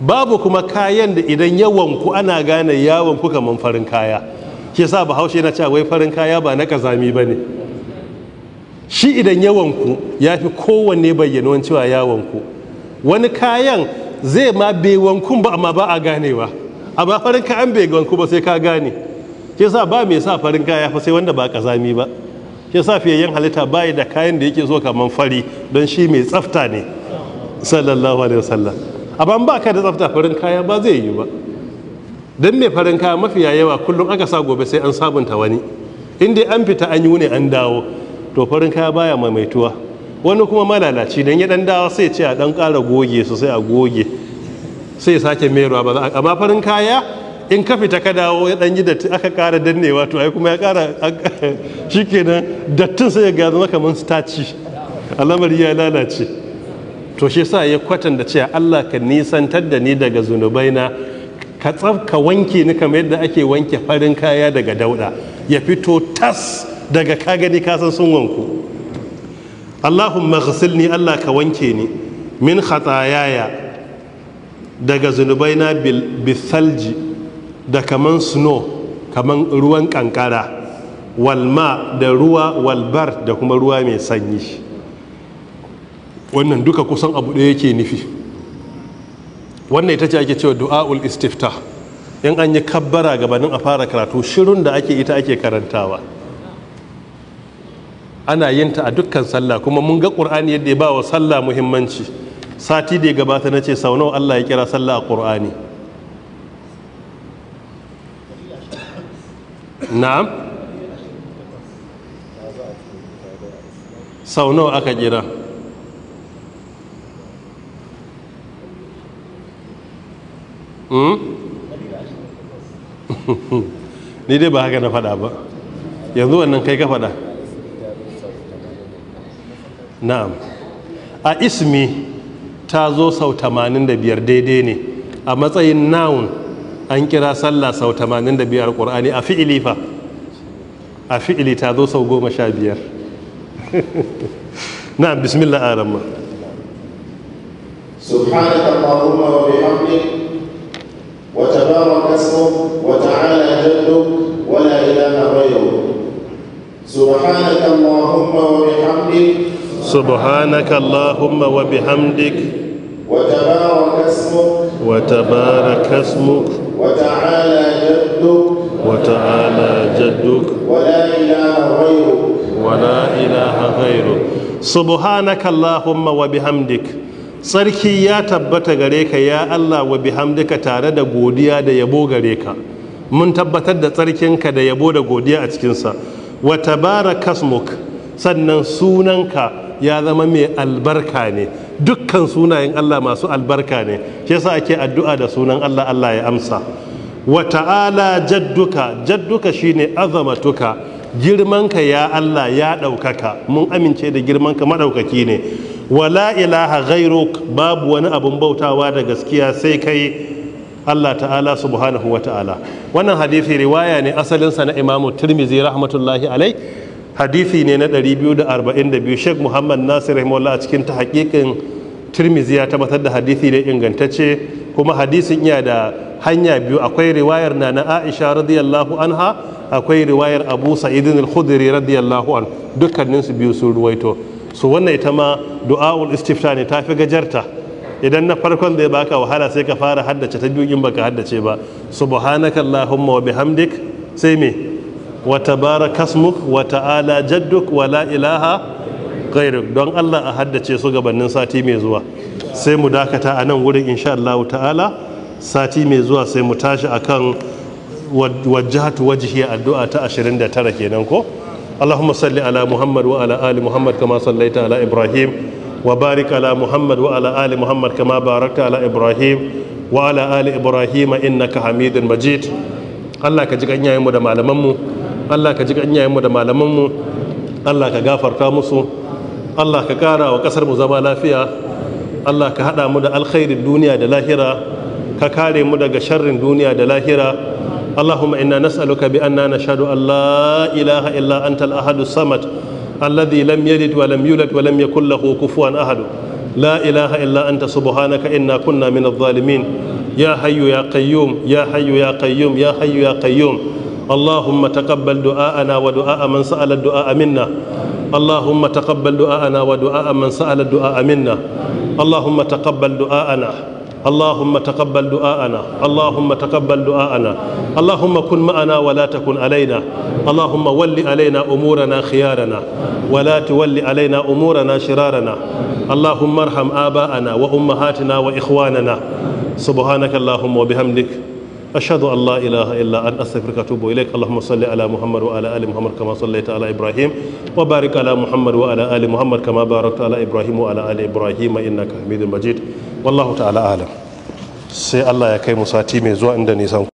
babu kuma kayan da idan yawanku ana gane yawanku kaman farin kaya ke sa bahaushe na cewa wai farin kaya ba na kazami ba ne shi idan yawanku ya fi kowanne bayyana cewa yawanku wani kayan zai ma bai wankun ba amma ba a ganewa amma farin kayan bai wanku ba sai ka gane ke sa ba mai sa farin kaya fa sai wanda ba kazami ba ke sa fiyayyen halitta ba da kayan da yake so kamar fari don shi mai tsafta ne sallallahu alaihi wasallam amma ba ka da tsafta farin kaya ba zai yi ba don mai farin kaya mafi yawa kullum aka sa gobe sai an sabunta wani Inda an fita an yi ne an dawo to farin kaya baya maimaituwa wani kuma malalaci don ya dan dawa sai ce a dan kara goge su sai a goge sai sake meruwa ba a farin kaya in ka fita ka dawo ya dan yi datti aka ƙara dannewa to ai kuma ya ƙara shikenan dattin sai ya gaza maka man staci al'amari ya lalace to shi sa ya kwatanta cewa Allah ka nisantar da ni daga zunubaina ka tsafka wanke ni kamar yadda ake wanke farin kaya daga dauda ya fito tas daga ka gani ka san sun wanku Allahumma ni Allah ka wanke ni min khatayaya daga zunubaina bil salji da kaman snow kaman ruwan kankara walma da ruwa walbar da kuma ruwa mai sanyi wannan duka kusan abu da yake nufi wannan ita ce ake cewa du'a'ul istifta in an yi kabbara gabanin a fara karatu shirin da ake ita ake karantawa ana yin ta a dukkan sallah kuma mun ga qur'ani yadda ya ba wa sallah muhimmanci sati da ya gabata na ce sau nawa allah ya kira sallah a qur'ani na'am sau nawa aka kira hmm? ni dai ba haka na faɗa ba yanzu wannan kai ka faɗa na'am a ismi ta zo sau 85 daidai ne a matsayin noun an kira sallah sau 85 a ƙorani a fi'ili fa a fi'ili ta zo sau 15 na'am bismillah arama سبحانك اللهم وبحمدك وتبارك اسمك وتعالى جدك ولا اله غيرك سبحانك اللهم وبحمدك سبحانك اللهم وبحمدك وتبارك اسمك وتبارك اسمك وتعالى جدك وتعالى جدك ولا إله غيرك ولا إله غيرك سبحانك اللهم وبحمدك sarki ya tabbata gare ka ya Allah wa bihamdika tare da godiya da yabo gare ka mun tabbatar da tsarkinka da yabo da godiya a cikinsa wa tabarakasmuk sannan sunanka ya zama mai albarka ne dukkan sunayen Allah masu albarka ne shi yasa ake addu'a da sunan Allah Allah ya amsa wa ta'ala jadduka jadduka shine azamatuka Girman ka ya Allah ya ɗaukaka mun amince da girman ka maɗaukaki ne wala ilaha ghairuk babu wani abun bautawa da gaskiya sai kai Allah ta'ala subhanahu wa ta'ala wannan hadisi riwaya ne asalinsa na imamu tirmizi rahmatullahi alai hadisi ne na 242 sheikh muhammad nasir rahimahullah a cikin ta hakikin tirmizi ya tabbatar da hadisi ne ingantacce kuma hadisin iya da hanya biyu akwai riwayar na na aisha radiyallahu anha akwai riwayar abu sa'idin al-khudri radiyallahu an dukkanin su biyu sun ruwaito su wannan ita ma du'a'ul istifta ne ta fi gajarta idan na farkon zai baka wahala sai ka fara haddace ta biyu in baka haddace ba subhanakallahumma wa bihamdik sai me Wata tabaraka smuk wa ta'ala jadduk wa ilaha ghairuk don Allah a haddace su gabanin sati mai zuwa sai mu dakata a nan wurin insha Allah ta'ala sati mai zuwa sai mu tashi a kan wajjahatu wajhi addu'a ta ashirin da tara kenan ko Allahumma salli ala Muhammad wa ala ali Muhammad kama sallaita ala Ibrahim wa barik ala Muhammad wa ali Muhammad kama barakta ala Ibrahim wa ali Ibrahim innaka Hamidun Majid Allah ka ji ganyayen mu da malaman mu Allah ka ji ganyayenmu da malamanmu Allah ka gafarta musu Allah ka ƙara wa ƙasar mu zama lafiya Allah ka haɗa mu da alkhairin duniya da lahira ka kare mu daga sharrin duniya da lahira اللهم إنا نسألك بأننا نشهد أن لا إله إلا أنت الأحد الصمد الذي لم يلد ولم يولد ولم يكن له كفوا أحد لا إله إلا أنت سبحانك إنا كنا من الظالمين يا حي يا قيوم يا حي يا قيوم يا حي يا قيوم اللهم تقبل دعاءنا ودعاء من سأل الدعاء منا اللهم تقبل دعاءنا ودعاء من سأل الدعاء منا اللهم تقبل دعاءنا اللهم تقبل دعاءنا اللهم تقبل دعاءنا اللهم كن معنا ولا تكن علينا اللهم ول علينا أمورنا خيارنا ولا تول علينا أمورنا شرارنا اللهم ارحم آباءنا وأمهاتنا وإخواننا سبحانك اللهم وبحمدك أشهد أن لا إله إلا أن أستغفرك وأتوب إليك اللهم صل على محمد وعلى آل محمد كما صليت على إبراهيم وبارك على محمد وعلى آل محمد كما باركت على إبراهيم وعلى آل إبراهيم إنك حميد مجيد والله تعالى أعلم sai Allah ya kai mu sati mai zuwa inda nisan